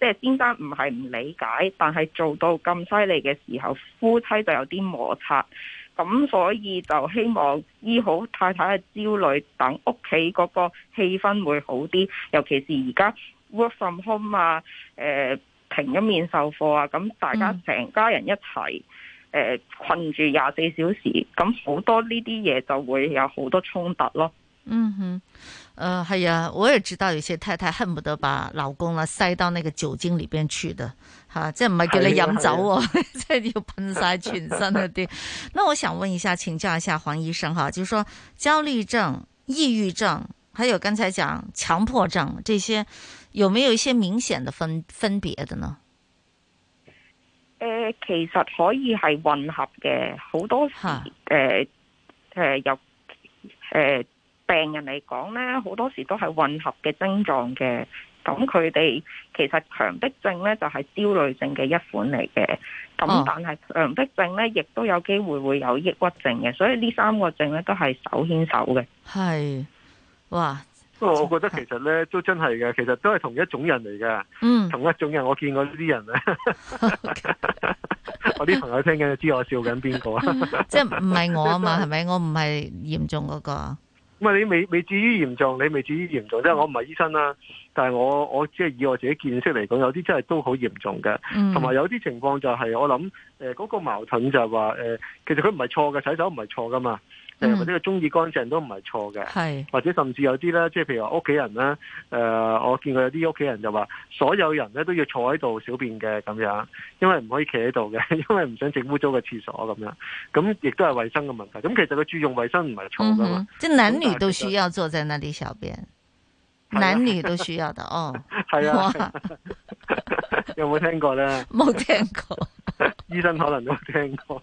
即係先生唔係唔理解，但係做到咁犀利嘅時候，夫妻就有啲摩擦。咁所以就希望醫好太太嘅焦慮，等屋企嗰個氣氛會好啲。尤其是而家 work from home 啊，誒、呃、停咗面授課啊，咁大家成家人一齊誒、呃、困住廿四小時，咁好多呢啲嘢就會有好多衝突咯。嗯哼。誒，係啊、呃，我也知道有些太太恨不得把老公啦、啊、塞到那個酒精裏邊去的，吓、啊，即係唔係叫你飲酒、啊，即係要噴晒全身嗰啲 *laughs* 那我想問一下，請教一下黃醫生，哈，就是說焦慮症、抑鬱症，還有剛才講強迫症，這些有沒有一些明顯的分分別的呢？誒、呃，其實可以係混合嘅，好多時，誒哈，誒、呃呃，有，誒、呃。病人嚟講呢，好多時都係混合嘅症狀嘅。咁佢哋其實強迫症呢就係焦慮症嘅一款嚟嘅。咁但係強迫症呢，亦都有機會會有抑鬱症嘅。所以呢三個症呢都係手牽手嘅。係，哇，不過我覺得其實呢都真係嘅，其實都係同一種人嚟㗎。嗯，同一種人，我見過呢啲人啊。我啲朋友聽緊，知我笑緊邊個啊？即係唔係我啊嘛？係咪？我唔係嚴重嗰個。咁你未未至於嚴重，你未至於嚴重。即係我唔係醫生啦，但係我我即係以我自己見識嚟講，有啲真係都好嚴重嘅，同埋有啲情況就係我諗，誒嗰個矛盾就係話，誒其實佢唔係錯嘅，洗手唔係錯噶嘛。誒，嗯、或者佢中意乾淨都唔係錯嘅，是或者甚至有啲咧，即係譬如話屋企人咧，誒、呃，我見過有啲屋企人就話所有人咧都要坐喺度小便嘅咁樣，因為唔可以企喺度嘅，因為唔想整污糟嘅廁所咁樣，樣，咁亦都係衛生嘅問題。咁其實佢注重衛生唔係錯噶嘛。嗯，即男女都需要坐在那裏小便，啊、男女都需要的 *laughs* 哦。係啊，哇 *laughs* 有冇聽過咧？冇聽過， *laughs* 醫生可能都聽過。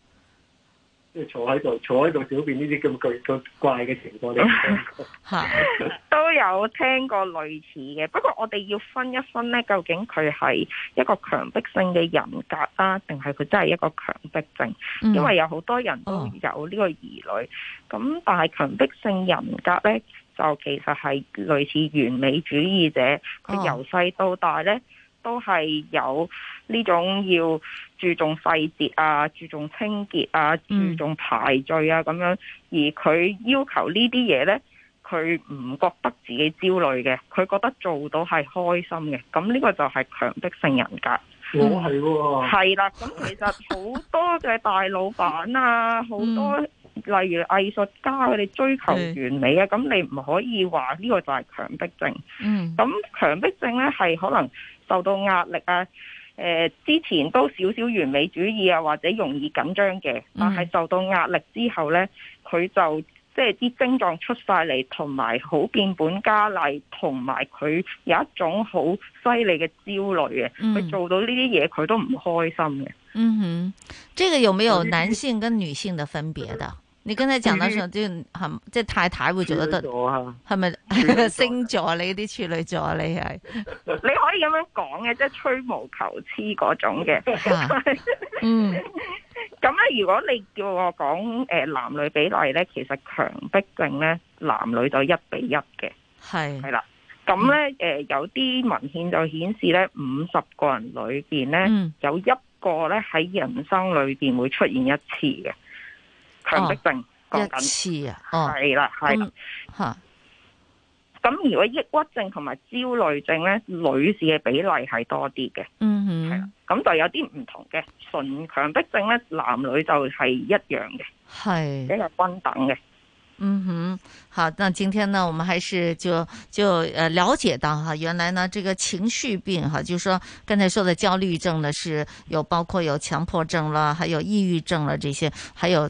即係坐喺度，坐喺度小便呢啲咁巨咁怪嘅情況 *laughs* 都有聽過類似嘅，不過我哋要分一分呢，究竟佢係一個強迫性嘅人格啊，定係佢真係一個強迫症？因為有好多人都有呢個疑慮，咁但係強迫性人格呢，就其實係類似完美主義者，佢由細到大呢。都係有呢種要注重細節啊、注重清潔啊、注重排序啊咁樣，嗯、而佢要求呢啲嘢呢，佢唔覺得自己焦慮嘅，佢覺得做到係開心嘅。咁呢個就係強迫性人格。我係喎。係啦、啊，咁其實好多嘅大老闆啊，好 *laughs* 多例如藝術家，佢哋追求完美啊，咁、嗯、你唔可以話呢個就係強迫症。嗯。咁強迫症呢，係可能。受到壓力啊，誒、呃、之前都少少完美主義啊，或者容易緊張嘅，但係受到壓力之後呢，佢、嗯、就即係啲症狀出晒嚟，同埋好變本加厲，同埋佢有一種好犀利嘅焦慮嘅，佢、嗯、做到呢啲嘢佢都唔開心嘅。嗯哼，呢個有沒有男性跟女性嘅分別的？ *laughs* 你今日講得上啲係，主即係太太會做得得，係咪星座啊？你啲處女座，你係？你可以咁樣講嘅，即係吹毛求疵嗰種嘅。啊、 *laughs* 嗯，咁咧，如果你叫我講誒男女比例咧，其實強迫症咧，男女就一比一嘅。係係啦，咁咧誒有啲文獻就顯示咧，五十個人裏邊咧，嗯、有一個咧喺人生裏邊會出現一次嘅。強迫症、哦、緊一次啊，係、哦、啦，係啦的，吓、嗯。咁如果抑鬱症同埋焦慮症咧，女士嘅比例係多啲嘅，嗯哼，係啦。咁就有啲唔同嘅，純強迫症咧，男女就係一樣嘅，係比較均等嘅。嗯哼，好，那今天呢，我們還是就就誒了解到哈，原來呢，這個情緒病哈，就是、說剛才說的焦慮症呢，是有包括有強迫症啦，還有抑鬱症啦，這些還有。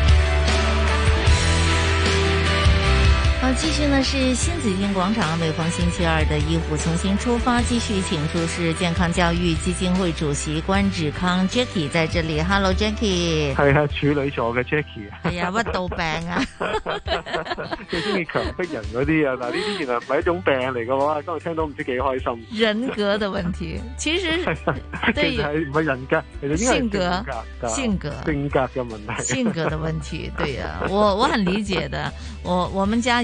好，繼、啊、續呢是新紫荊廣場每逢星期二的《醫護從新出發》，繼續請出是健康教育基金會主席關志康 Jackie 在這裏。Hello，Jackie。係啊，處女座嘅 Jackie 啊。係啊、哎，乜都病啊。最中意強迫人嗰啲啊，嗱，呢啲原來唔係一種病嚟嘅話，今日聽到唔知幾開心。 *laughs* 人格的問題，其實對，其實係唔係人格，性格，性格，性格嘅問題， *laughs* 性格的問題，對啊，我我很理解的，我我們家。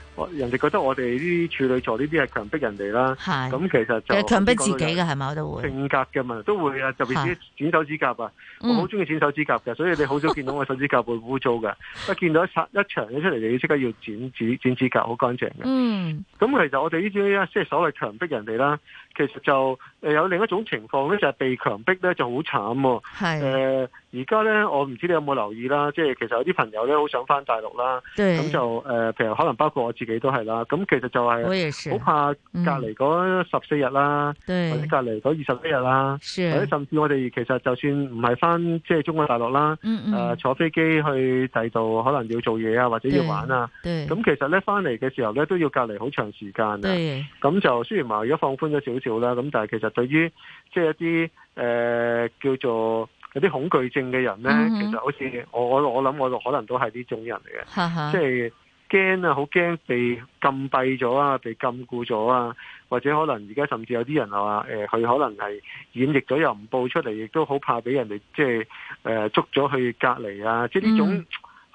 人哋覺得我哋呢啲處女座呢啲係強逼人哋啦，咁是其實就係強逼自己嘅，係咪？都會性格嘅嘛，都會啊是特別啲剪手指甲啊，是我好中意剪手指甲㗎，嗯、所以你好少見到我手指甲會污糟㗎。一 *laughs* 見到一一長咗出嚟你要即刻要剪指剪指甲好乾淨嘅。咁、嗯、其實我哋呢啲咧即係所謂強逼人哋啦。其實就誒有另一種情況咧，就係被強迫咧，就好慘。係誒而家咧，我唔知你有冇留意啦，即係其實有啲朋友咧，好想翻大陸啦。咁對就誒，譬、呃、如可能包括我自己都係啦。咁其實就係好怕隔離嗰十四日啦，嗯、或者隔離嗰二十一日啦，或者是甚至我哋其實就算唔係翻即係中國大陸啦，誒、嗯嗯呃、坐飛機去第度可能要做嘢啊，或者要玩啊。咁其實咧翻嚟嘅時候咧都要隔離好長時間啊。咁對就雖然話而家放寬咗少少。啦咁，但係其實對於即係一啲誒、呃、叫做有啲恐懼症嘅人咧，mm hmm. 其實好似我我我諗我可能都係呢種人嚟嘅，即係驚啊，好、hmm. 驚被禁閉咗啊，被禁錮咗啊，或者可能而家甚至有啲人話誒，佢、呃、可能係染疫咗又唔報出嚟，亦都好怕俾人哋即係誒捉咗去隔離啊！即係呢種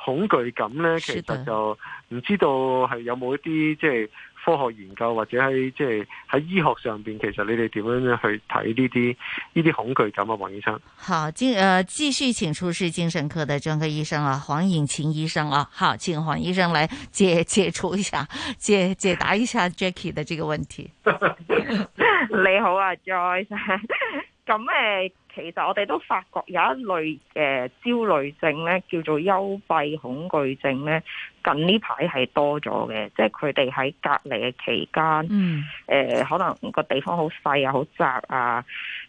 恐懼感咧，mm hmm. 其實就唔知道係有冇一啲即係。即係科學研究或者喺即係喺醫學上邊，其實你哋點樣樣去睇呢啲呢啲恐懼感啊，黃醫生。好，之誒，繼續請出示精神科嘅專科醫生啊，黃穎勤醫生啊，好，請黃醫生來解解除一下解解答一下 Jackie 嘅這個問題。 *laughs* *laughs* 你好啊，Joyce *laughs* 咁誒，其實我哋都發覺有一類嘅焦慮症咧，叫做幽閉恐懼症咧，近呢排係多咗嘅。即係佢哋喺隔離嘅期間，嗯呃、可能個地方好細啊，好窄啊，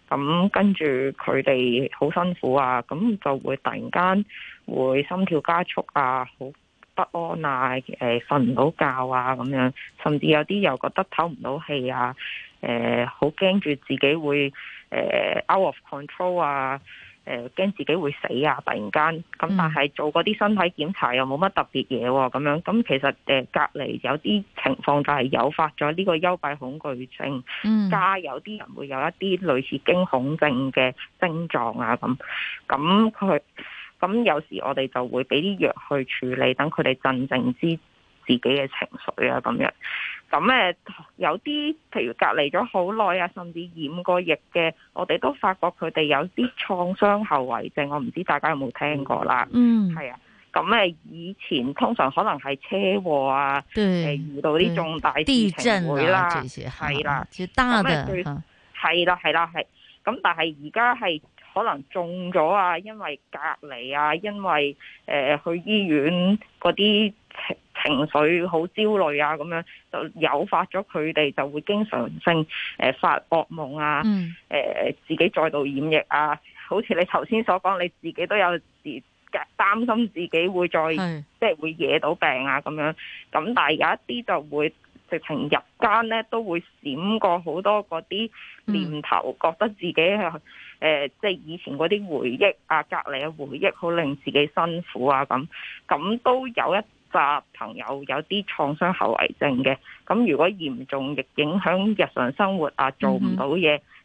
咁跟住佢哋好辛苦啊，咁就會突然間會心跳加速啊，好不安啊，誒瞓唔到覺啊，咁樣，甚至有啲又覺得唞唔到氣啊。誒，好驚住自己會誒 out of control 啊！誒、呃，驚自己會死啊！突然間咁，但係做嗰啲身體檢查又冇乜特別嘢咁樣，咁其實誒隔離有啲情況就係誘發咗呢個幽閉恐懼症，嗯、加有啲人會有一啲類似驚恐症嘅症狀啊，咁咁佢咁有時我哋就會俾啲藥去處理，等佢哋鎮靜知自己嘅情緒啊，咁樣。咁誒有啲，譬如隔離咗好耐啊，甚至染過疫嘅，我哋都發覺佢哋有啲創傷後遺症。我唔知大家有冇聽過啦。嗯，係啊。咁誒，以前通常可能係車禍啊，誒對遇到啲重大事情會地震啦，係啦，咁啊，係啦，係啦、啊，係。咁但係而家係。可能中咗啊，因為隔離啊，因為誒、呃、去醫院嗰啲情緒好焦慮啊，咁樣就誘發咗佢哋就會經常性誒、呃、發噩夢啊，誒、呃、自己再度染疫啊，好似你頭先所講，你自己都有時擔心自己會再是的 即係會惹到病啊咁樣，咁但係有一啲就會。直情日間咧都會閃過好多嗰啲念頭，覺得自己係、呃、即係以前嗰啲回憶啊、隔離嘅回憶，好令自己辛苦啊咁。咁都有一紮朋友有啲創傷後遺症嘅，咁如果嚴重亦影響日常生活啊，做唔到嘢。嗯嗯。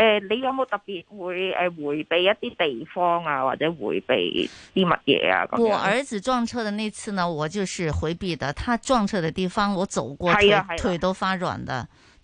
誒，你有冇特別會誒回避一啲地方啊，或者回避啲乜嘢啊？我兒子撞車的那次呢，我就是回避的。他撞車的地方，我走過，腿腿都發軟的。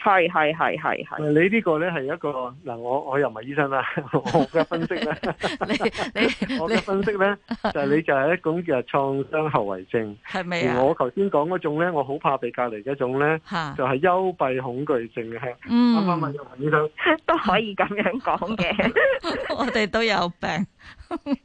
係係係係係，你 *laughs* 呢個咧係一個嗱、啊，我我又唔係醫生啦，我嘅分析咧，你我嘅分析咧就係你就係一種叫做創傷後遺症，係咪啊？我頭先講嗰種咧，我好怕被隔離嗰種咧，就係幽閉恐懼症啊！嗯，啱啱問醫生都可以咁樣講嘅， *laughs* 我哋都有病。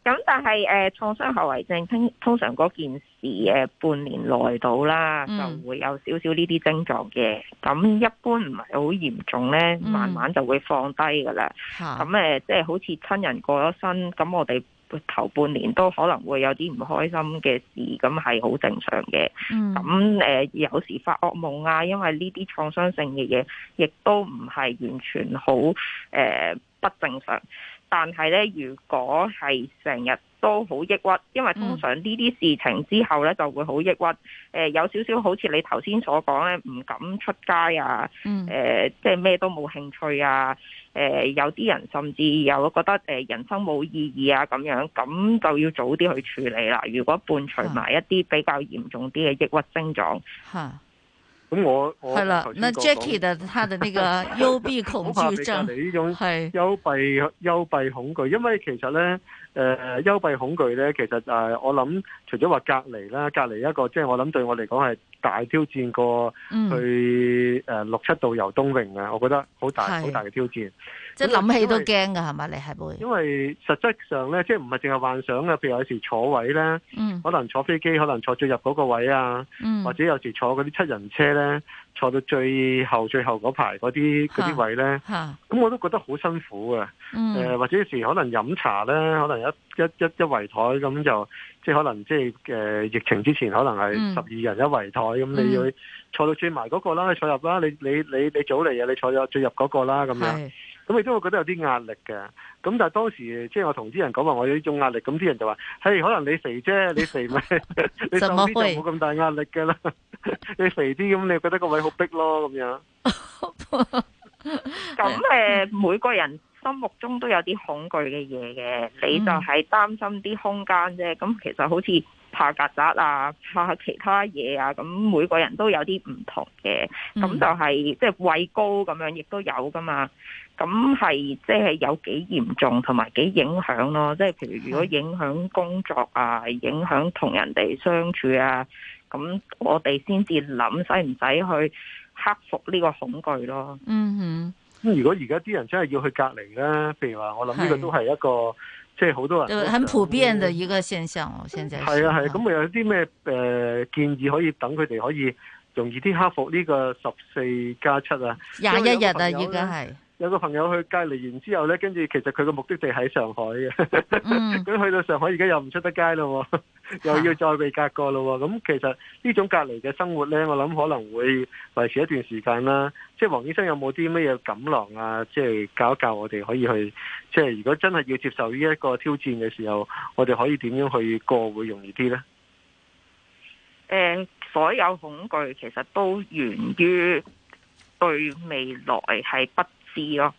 咁 *laughs* 但係誒創傷後遺症，通常嗰件事誒、呃、半年內到啦，嗯、就會有少少呢啲症狀嘅。咁一般唔係好嚴重咧，慢慢就會放低噶啦。咁誒、嗯，即係、呃就是、好似親人過咗身，咁我哋頭半年都可能會有啲唔開心嘅事，咁係好正常嘅。咁誒、嗯呃、有時發噩夢啊，因為呢啲創傷性嘅嘢，亦都唔係完全好誒、呃、不正常。但係咧，如果係成日都好抑鬱，因為通常呢啲事情之後咧就會好抑鬱。誒、嗯呃，有少少好似你頭先所講咧，唔敢出街啊，誒、呃，即係咩都冇興趣啊。誒、呃，有啲人甚至又覺得誒人生冇意義啊咁樣，咁就要早啲去處理啦。如果伴隨埋一啲比較嚴重啲嘅抑鬱症狀，吓、啊。啊咁我係啦。的那 Jackie 的他的呢個幽閉恐懼症，係 *laughs* 幽閉的幽閉恐懼。因為其實咧，誒、呃，幽閉恐懼咧，其實誒、就是，我諗除咗話隔離啦，隔離一個，即、就、係、是、我諗對我嚟講係大挑戰過去誒、嗯呃，六七度游冬泳嘅，我覺得好大好的大嘅挑戰。即諗起都驚噶，係嘛為？你係會。因為實質上咧，即係唔係淨係幻想啊！譬如有時坐位咧，嗯、可能坐飛機，可能坐最入嗰個位啊，嗯、或者有時坐嗰啲七人車咧。坐到最後最後嗰排嗰啲啲位呢，咁我都覺得好辛苦啊、嗯呃。或者有時可能飲茶呢，可能一一一一圍台咁就，即可能即係、呃、疫情之前，可能係十二人一圍台咁，嗯、你要坐到最埋嗰個啦，你坐入啦，你你你你早嚟啊，你坐咗最入嗰個啦，咁樣是，咁你都會覺得有啲壓力嘅。咁但係當時即係我同啲人講話，我有呢種壓力，咁啲人就話，嘿，可能你肥啫，你肥咪、就係、 *laughs* 會 *laughs* 你上邊就冇咁大壓力嘅啦。你肥啲，咁你覺得個位好逼咯，咁樣。咁誒，每個人心目中都有啲恐懼嘅嘢嘅，你就係擔心啲空間啫。咁其實好似。怕曱甴啊，怕其他嘢啊，咁每個人都有啲唔同嘅，咁、嗯、哼就係即係畏高咁樣，亦都有噶嘛。咁係即係有幾嚴重同埋幾影響咯。即係譬如如果影響工作啊，影響同人哋相處啊，咁我哋先至諗使唔使去克服呢個恐懼咯。嗯哼。如果而家啲人真係要去隔離咧，譬如話，我諗呢個都係一個。即係好多人，就對、嗯、很普遍的一個現象。哦、嗯，現在係啊係，咁咪、啊嗯、有啲咩誒建議可以等佢哋可以容易啲克服呢個十四加七啊廿一日啊，已經係。有個朋友去隔離完之後呢，跟住其實佢個目的地喺上海嘅，咁、嗯、 *laughs* 去到上海而家又唔出得街咯，又要再被隔過咯。咁、啊、其實呢種隔離嘅生活呢，我諗可能會維持一段時間啦。即係黃醫生有冇啲乜嘢錦囊啊？即係教一教我哋可以去，即係如果真係要接受呢一個挑戰嘅時候，我哋可以點樣去過會容易啲呢？所有恐懼其實都源於對未來係不知咯，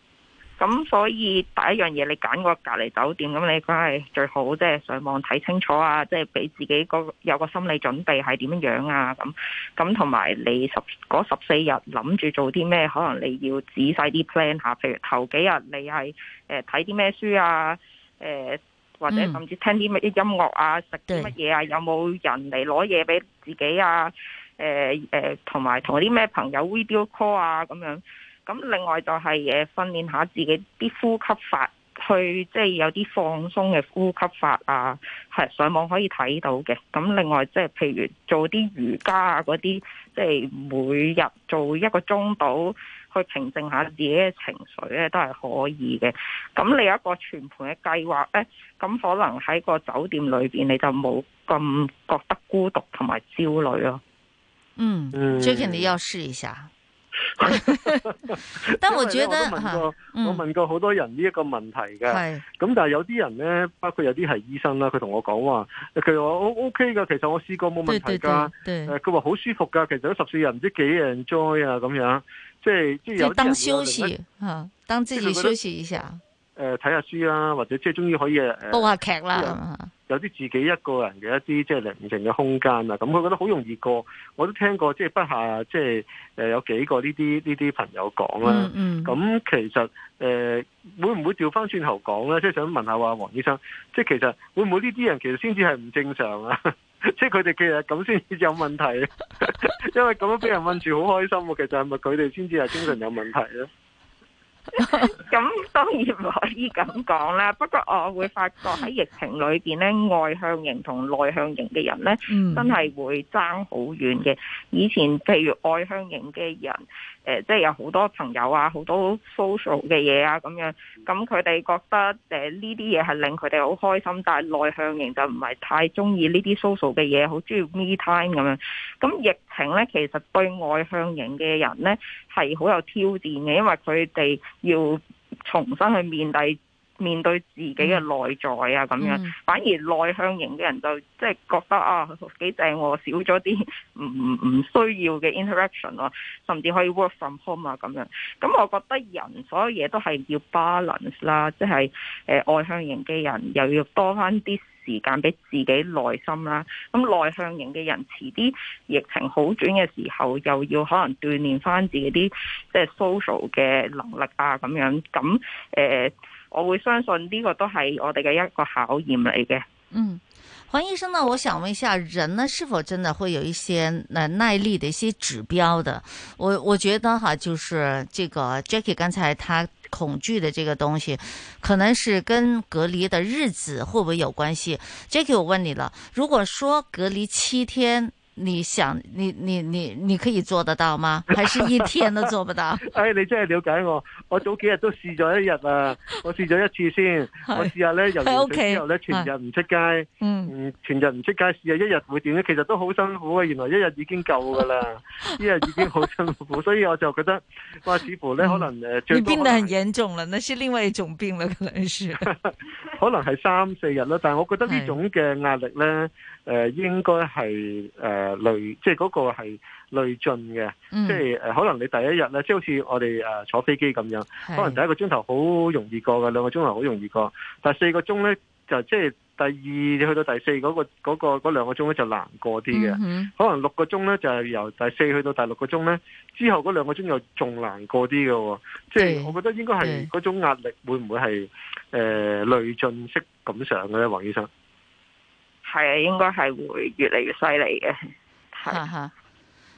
咁所以第一樣嘢，你揀個隔離酒店，咁你梗係最好即係上網睇清楚啊，即係俾自己個有個心理準備係點樣啊，咁咁同埋你十十四日諗住做啲咩，可能你要仔細啲 plan 下，譬如頭幾日你係誒，睇啲咩書啊，誒、呃、或者甚至聽啲咩音樂啊，食啲乜嘢啊，嗯、有冇人嚟攞嘢俾自己啊，誒、呃、誒，同埋同啲咩朋友 video call 啊，咁樣。咁另外就係誒訓練下自己啲呼吸法，去即係有啲放鬆嘅呼吸法啊，係上網可以睇到嘅。咁另外即係譬如做啲瑜伽啊，嗰啲即係每日做一個鐘度，去平靜下自己嘅情緒咧、啊，都係可以嘅。咁你有一個全盤嘅計劃咧，咁可能喺個酒店裏邊你就冇咁覺得孤獨同埋焦慮咯、啊。嗯 Jillian 你要試一下。 *laughs* *laughs* 呢但我覺得，我問過好多人呢一個問題嘅，咁、嗯、但係有啲人咧，包括有啲係醫生啦、啊，佢同我講話，佢話 OK 噶，其實我試過冇問題噶，佢話好舒服噶，其實有十四日唔知幾 enjoy 啊，咁樣，即係即係當休息，啊、哎，當自己休息一下。誒，睇下，呃、書啦、啊，或者即係終於可以誒，煲下劇啦，呃、有啲自己一個人嘅一啲即係寧靜嘅空間啊！咁佢覺得好容易過，我都聽過即係不下即係誒，有幾個呢啲呢啲朋友講啦。咁、嗯嗯、其實誒、呃，會唔會調翻轉頭講咧？即、就、係、是、想問下話黃醫生，即、就、係、是、其實會唔會呢啲人其實先至係唔正常啊？即係佢哋其實咁先至有問題、啊， *laughs* 因為咁樣俾人問住好開心、啊、其實係咪佢哋先至係精神有問題咧、啊？咁 *laughs* 當然唔可以咁講啦，不過我會發覺喺疫情裏邊咧，外向型同內向型嘅人咧，真係會爭好遠嘅。以前譬如外向型嘅人。誒，即係有好多朋友啊，好多 social 嘅嘢啊，咁樣，咁佢哋覺得誒呢啲嘢係令佢哋好開心，但係內向型就唔係太中意呢啲 social 嘅嘢，好中意 me time 咁樣。咁疫情呢，其實對外向型嘅人呢，係好有挑戰嘅，因為佢哋要重新去面對。面對自己嘅內在啊，咁樣反而內向型嘅人就即係覺得啊幾正喎，我少咗啲唔唔唔需要嘅 interaction 啊，甚至可以 work from home 啊咁樣。咁我覺得人所有嘢都係要 balance 啦，即係、呃、外向型嘅人又要多翻啲時間俾自己內心啦。咁內向型嘅人遲啲疫情好轉嘅時候，又要可能鍛煉翻自己啲即係 social 嘅能力啊咁樣。咁、呃、誒。我會相信呢個都係我哋嘅一個考驗嚟嘅。嗯，黃醫生呢，我想問一下，人呢是否真的會有一些耐力的一些指標的？我我覺得哈，就是這個 Jacky 剛才他恐懼的這個東西，可能是跟隔離的日子會不會有關係？Jacky，我問你啦，如果說隔離七天。你想你你你你可以做得到嗎？還是一天都做不到？ *laughs* 哎，你真係了解我，我早幾日都試咗一日啊！我試咗一次先， *laughs* 我試一下咧 *laughs* 游完水之後咧，全日唔出街， *laughs* 嗯，全、嗯、日唔出街試下，日日日一日會點咧？其實都好辛苦啊！原來一日已經夠噶啦， *laughs* 一日已經好辛苦，所以我就覺得，哇，似乎咧可能誒，你病得很嚴重了，那是另外一種病了，可能是， *laughs* *laughs* 可能係三四日啦，但係我覺得呢種嘅壓力咧。 *laughs* *laughs* 誒、呃，應該係誒累，即係嗰個係累進嘅，嗯、即係誒、呃、可能你第一日咧，即係好似我哋誒、呃、坐飛機咁樣，是可能第一個鐘頭好容易過噶，兩個鐘頭好容易過，但係四個鐘咧就即係第二去到第四嗰、那個嗰、那個嗰兩個鐘咧就難過啲嘅，嗯、哼可能六個鐘咧就係由第四去到第六個鐘咧之後嗰兩個鐘又仲難過啲嘅，是即係我覺得應該係嗰種壓力會唔會係誒、呃、累進式咁上嘅咧，黃醫生？係啊，應該係會越嚟越犀利嘅，係。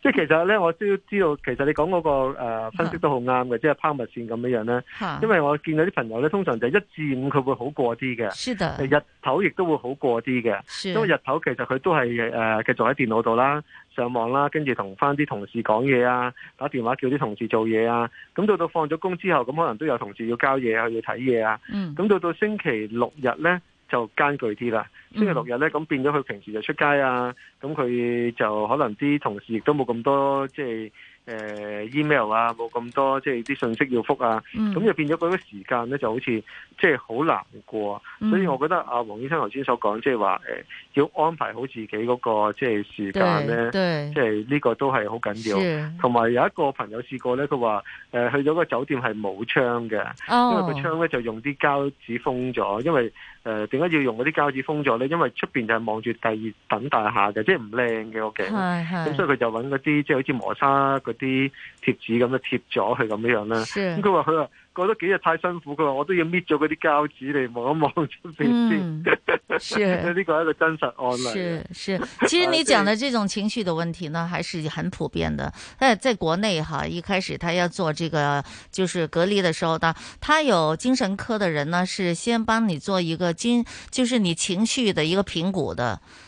即係其實咧，我都知道，其實你講嗰個誒分析都好啱嘅，啊、即係拋物線咁樣樣咧。啊、因為我見到啲朋友咧，通常就一至五佢會好過啲嘅。是的。日頭亦都會好過啲嘅。是的。因為日頭其實佢都係誒繼續喺電腦度啦、上網啦，跟住同翻啲同事講嘢啊，打電話叫啲同事做嘢啊。咁到到放咗工之後，咁可能都有同事要交嘢啊，要睇嘢啊。咁到到星期六日咧。就艱巨啲啦。星期六日咧，咁變咗佢平時就出街啊。咁佢、嗯、就可能啲同事亦都冇咁多，即係、呃、email 啊，冇咁多即係啲信息要覆啊。咁、嗯、就變咗嗰個時間咧，就好似即係好難過。嗯、所以我覺得阿黃醫生頭先所講，即係話、呃、要安排好自己嗰、嗰個即係時間咧，即係呢個都係好緊要。同埋的有一個朋友試過咧，佢話誒去咗個酒店係冇窗嘅、哦，因為個窗咧就用啲膠紙封咗，因為。誒點解要用嗰啲膠紙封咗咧？因為出面就係望住第二等大廈嘅，即係唔靚嘅，屋企是是、嗯。咁所以佢就揾嗰啲即係好似磨砂嗰啲貼紙咁樣貼咗佢咁樣樣啦。咁佢話佢話。覺得幾日太辛苦㗎喇，我都要搣咗嗰啲膠紙嚟，望一望出邊先。嗯，是，呢個 *laughs* 係一個真實案例是。是是，其實你講的這種情緒的問題呢，還是很普遍的。誒，在國內哈，一開始他要做這個，就是隔離的時候，呢，他有精神科的人呢，是先幫你做一個精，就是你情緒的一個評估的。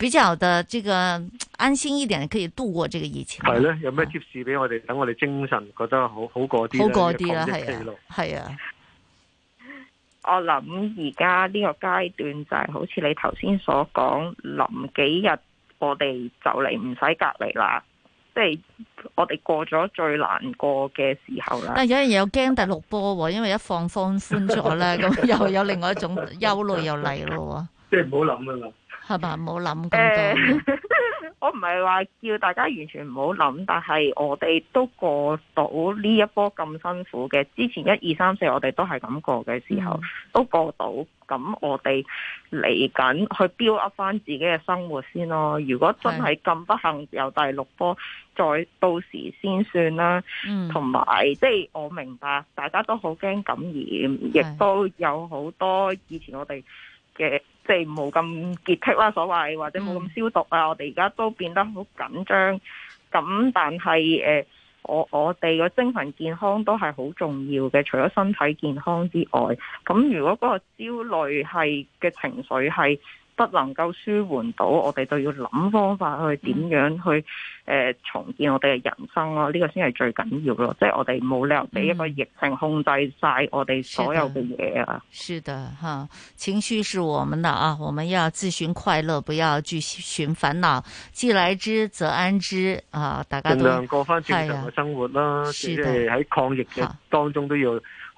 比較的這個安心一點，可以度過這個疫情。係咧，有咩貼士俾我哋？等我哋精神覺得好好過啲好過啲啦，係啊。係啊。我諗而家呢個階段就係好似你頭先所講，臨幾日我哋就嚟唔使隔離啦，即係我哋過咗最難過嘅時候啦。但係有人又驚第六波、哦，因為一放寬寬咗咧，咁 *laughs* 又有另外一種憂慮又嚟咯。 *laughs* 即係唔好諗啦。係咪？冇諗咁多，我唔係話叫大家完全唔好諗，但係我哋都過到呢一波咁辛苦嘅。之前一二三四，我哋都係咁過嘅時候，嗯、都過到。咁我哋嚟緊去 build up 翻自己嘅生活先咯。如果真係咁不幸有的第六波，再到時先算啦。同埋、嗯、即係我明白，大家都好驚感染，亦的都有好多以前我哋嘅。即係冇咁潔癖啦，所謂或者冇咁消毒啊，嗯、我哋而家都變得好緊張。咁但係誒、呃，我我哋個精神健康都係好重要嘅，除咗身體健康之外，咁如果嗰個焦慮係嘅情緒係。不能夠舒緩到，我哋就要諗方法去點樣去誒、嗯呃、重建我哋嘅人生咯。呢、這個先係最緊要咯，即、就、係、是、我哋冇理由俾一個疫情控制晒我哋所有嘅嘢啊。是的，哈，情緒是我們的啊，我們要自尋快樂，不要去尋煩惱，既來之則安之啊！大家都儘量過翻正常嘅生活啦，即係喺抗疫嘅當中都要。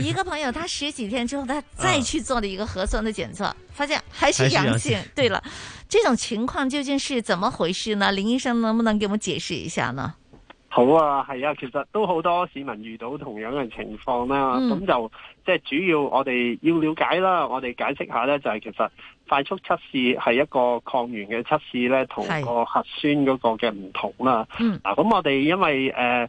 一個朋友，他十幾天之後，他再去做了一個核酸的檢測，啊、發現還是陽性。是對了，是這種情況究竟是怎麼回事呢？林醫生，能不能給我們解釋一下呢？好啊，係啊，其實都好多市民遇到同樣嘅情況啦，咁、嗯嗯、就即係主要我哋要了解啦，我哋解釋下呢，就係其實快速測試係一個抗原嘅測試呢，同個是核酸嗰個嘅唔同啦。嗯，咁、啊、我哋因為誒。呃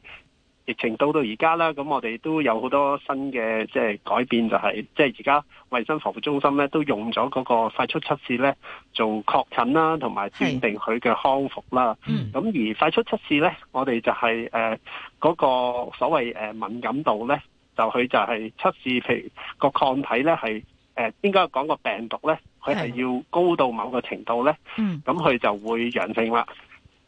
疫情到到而家啦，咁我哋都有好多新嘅即係改變，就係即係而家衛生服護中心咧都用咗嗰個快速測試咧做確診啦，同埋鑑定佢嘅康復啦。咁是而快速測試咧，我哋就係誒嗰個所謂誒敏感度咧，就佢就係測試皮個抗體咧係誒應該講個病毒咧，佢係要高到某個程度咧，咁佢的就會陽性啦。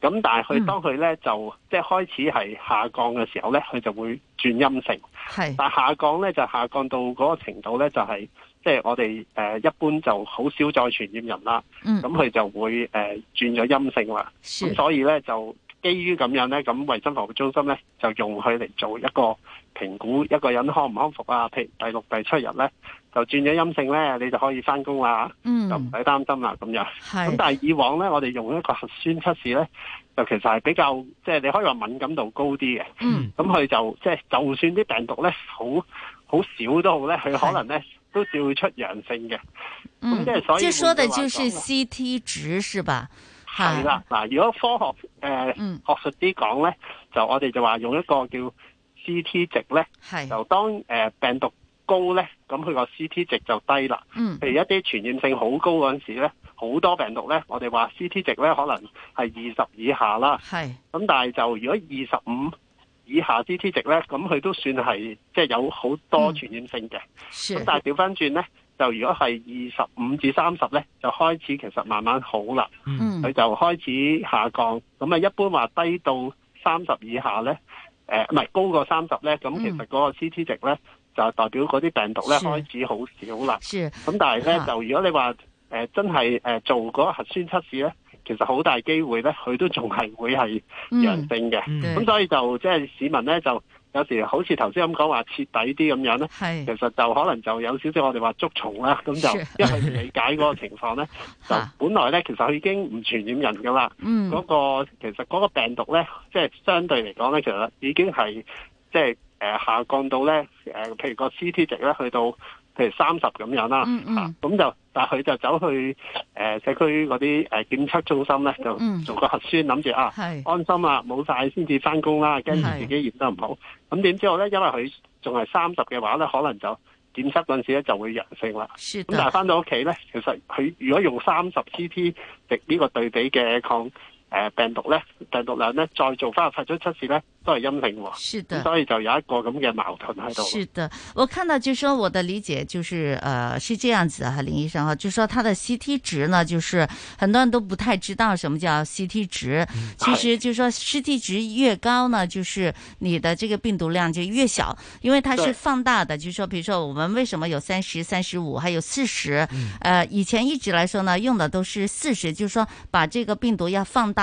咁但係佢當佢咧就即係開始係下降嘅時候咧，佢、嗯、就會轉陰性。係是，但下降咧就下降到嗰個程度咧，就是，就係即係我哋誒一般就好少再傳染人啦。咁佢、嗯、就會誒轉咗陰性啦。咁是所以咧就基於咁樣咧，咁衛生防護中心咧就用佢嚟做一個評估，一個人康唔康復啊？譬如第六、第七日咧。就轉咗陰性咧，你就可以翻工啦，嗯、就唔使擔心啦咁樣。咁是但係以往咧，我哋用一個核酸測試咧，就其實係比較即係、就是、你可以話敏感度高啲嘅。咁佢、嗯、就即係就算啲病毒咧好好少都好咧，佢可能咧是都照出陽性嘅。咁即係所以，就說的就是 CT 值是，是吧？係啦，嗱，如果科學誒、呃嗯、學術啲講咧，就我哋就話用一個叫 CT 值咧，是就當、呃、病毒。高咧，咁佢個 C T 值就低啦。嗯，譬如一啲傳染性好高嗰陣時咧，好多病毒咧，我哋話 C T 值咧可能係二十以下啦。咁是但係就如果二十五以下 C T 值咧，咁佢都算係即係有好多傳染性嘅。咁、嗯、但係調翻轉咧，就如果係二十五至三十咧，就開始其實慢慢好啦。嗯，佢就開始下降。咁啊，一般話低到三十以下咧，誒、呃、唔係高過三十咧，咁其實嗰個 C T 值咧。就代表嗰啲病毒咧開始好少啦。咁，但係咧、啊、就如果你話誒、呃、真係誒做嗰個核酸測試咧，其實好大機會咧，佢都仲係會係陽性嘅。咁、嗯、所以就即係、就是、市民咧，就有時好似頭先咁講話徹底啲咁樣咧，是其實就可能就有少少我哋話捉蟲啦。咁就是因為佢理解嗰個情況咧， *laughs* 就本來咧其實佢已經唔傳染人㗎啦。嗰、嗯那個其實嗰個病毒咧，即、就、係、是、相對嚟講咧，其實已經係即係。就是誒，下降到咧，誒，譬如個 C T 值咧，去到譬如三十咁樣啦，吓咁、嗯啊、就，但係佢就走去誒、呃、社區嗰啲誒檢測中心咧，就做個核酸，諗住啊，安心啦，冇晒先至翻工啦，跟住自己驗得唔好，咁點知道咧，因為佢仲係三十嘅話咧，可能就檢測嗰陣時咧就會陽性啦，咁的但係翻到屋企咧，其實佢如果用三十 C T 值呢個對比嘅抗。呃，病毒呢，病毒量呢，再做翻發出測試呢，都係陰性的、哦、是的，所以就有一個咁嘅矛盾喺度。是的，我看到就說我的理解就是，呃，是這樣子嚇，林醫生嚇，就說、是、說它的 CT 值呢，就是很多人都不太知道什麼叫 CT 值。嗯、其實就是說 CT 值越高呢，就是你的這個病毒量就越小，因為它是放大的。就是說比如說我們為什麼有三十三十五，還有四十、嗯？呃以前一直來說呢，用的都是四十，就是說把這個病毒要放大。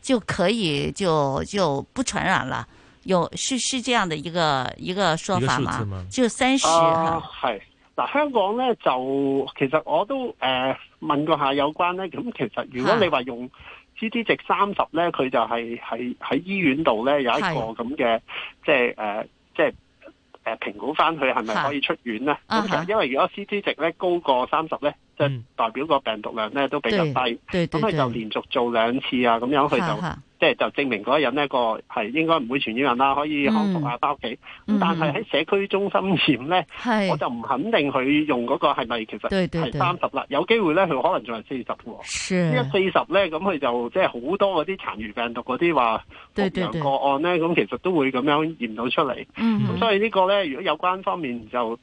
就可以就就不傳染啦，有是是這樣的一個一個說法嘛，就三十係嗱，香港咧就其實我都誒、呃、問過一下有關咧，咁其實如果你話用 CT 值三十咧，佢是就係係喺醫院度咧有一個咁嘅即係誒即係誒評估返佢係咪可以出院咧？咁就的因為如果 CT 值咧高過三十咧。代表個病毒量咧都比較低，咁佢就連續做兩次啊，咁樣佢就即係就證明嗰個人咧個係應該唔會傳染人啦，可以康復啊翻屋企。咁、嗯、但係喺社區中心驗咧，是我就唔肯定佢用嗰個係咪其實係三十啦，有機會咧佢可能仲係四十喎。因為四十咧，咁佢就即係好多嗰啲殘餘病毒嗰啲話陽個案咧，咁其實都會咁樣驗到出嚟。咁、嗯、哼所以個呢個咧，如果有關方面就，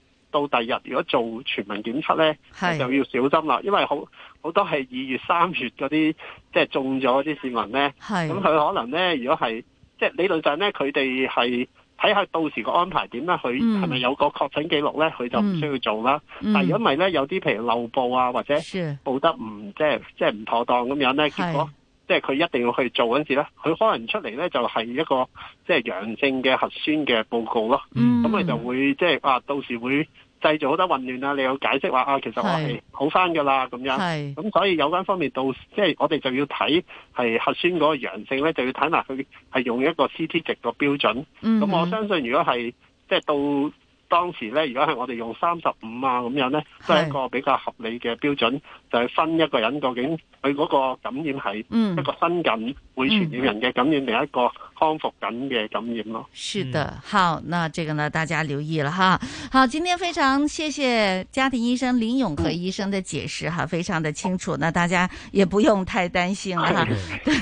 到第日，如果做全民檢測咧，是就要小心啦，因為好好多係二月三月嗰啲即係中咗嗰啲市民咧，咁佢是可能咧，如果係即係理論上咧，佢哋係睇下到時個安排點咧，佢係咪有個確診記錄咧，佢就唔需要做啦。是但係如果唔係咧，有啲譬如漏報啊，或者報得唔是即係即係唔妥當咁樣咧，結果是即係佢一定要去做嗰陣時咧，佢可能出嚟咧就係、是、一個即係陽性嘅核酸嘅報告咯，咁咪、嗯、就會即係啊，到時會。製造好多混亂啊！你有解釋話啊，其實我係好翻嘅啦，咁是樣。係是，咁所以有關方面到，即係我哋就要睇係核酸嗰個陽性咧，就要睇埋佢係用一個 CT 值個標準。嗯哼。咁我相信如果係即係到。當時咧，如果係我哋用三十五啊咁樣咧，都係一個比較合理嘅標準。就係分一個人究竟佢嗰個感染係一個新近會傳染人嘅感染，定一個康復緊嘅感染咯。是的，好，那這個呢，大家留意了哈。好，今天非常謝謝家庭醫生林永和醫生的解釋哈，非常的清楚，那大家也不用太擔心啦。對，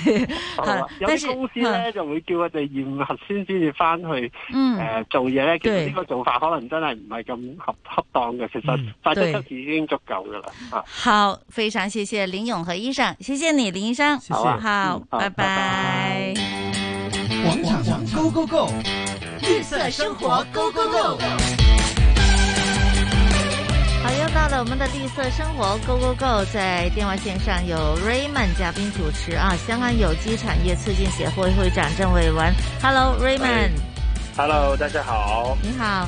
有啲公司咧就會叫我哋驗核酸先至翻去，誒做嘢咧，其實呢個做法可能。真係唔係咁合恰當嘅，其實快測已經足夠噶啦。啊、好，非常謝謝林永和醫生，謝謝你，林醫生，好好，拜拜。廣場上 Go Go Go，綠色生活 Go Go Go。好，又到了我們的綠色生活 Go Go Go，在電話線上有 Raymond 嘉賓主持啊，香港有機產業促進協會會長鄭偉文，Hello Raymond，Hello 大家好，你好。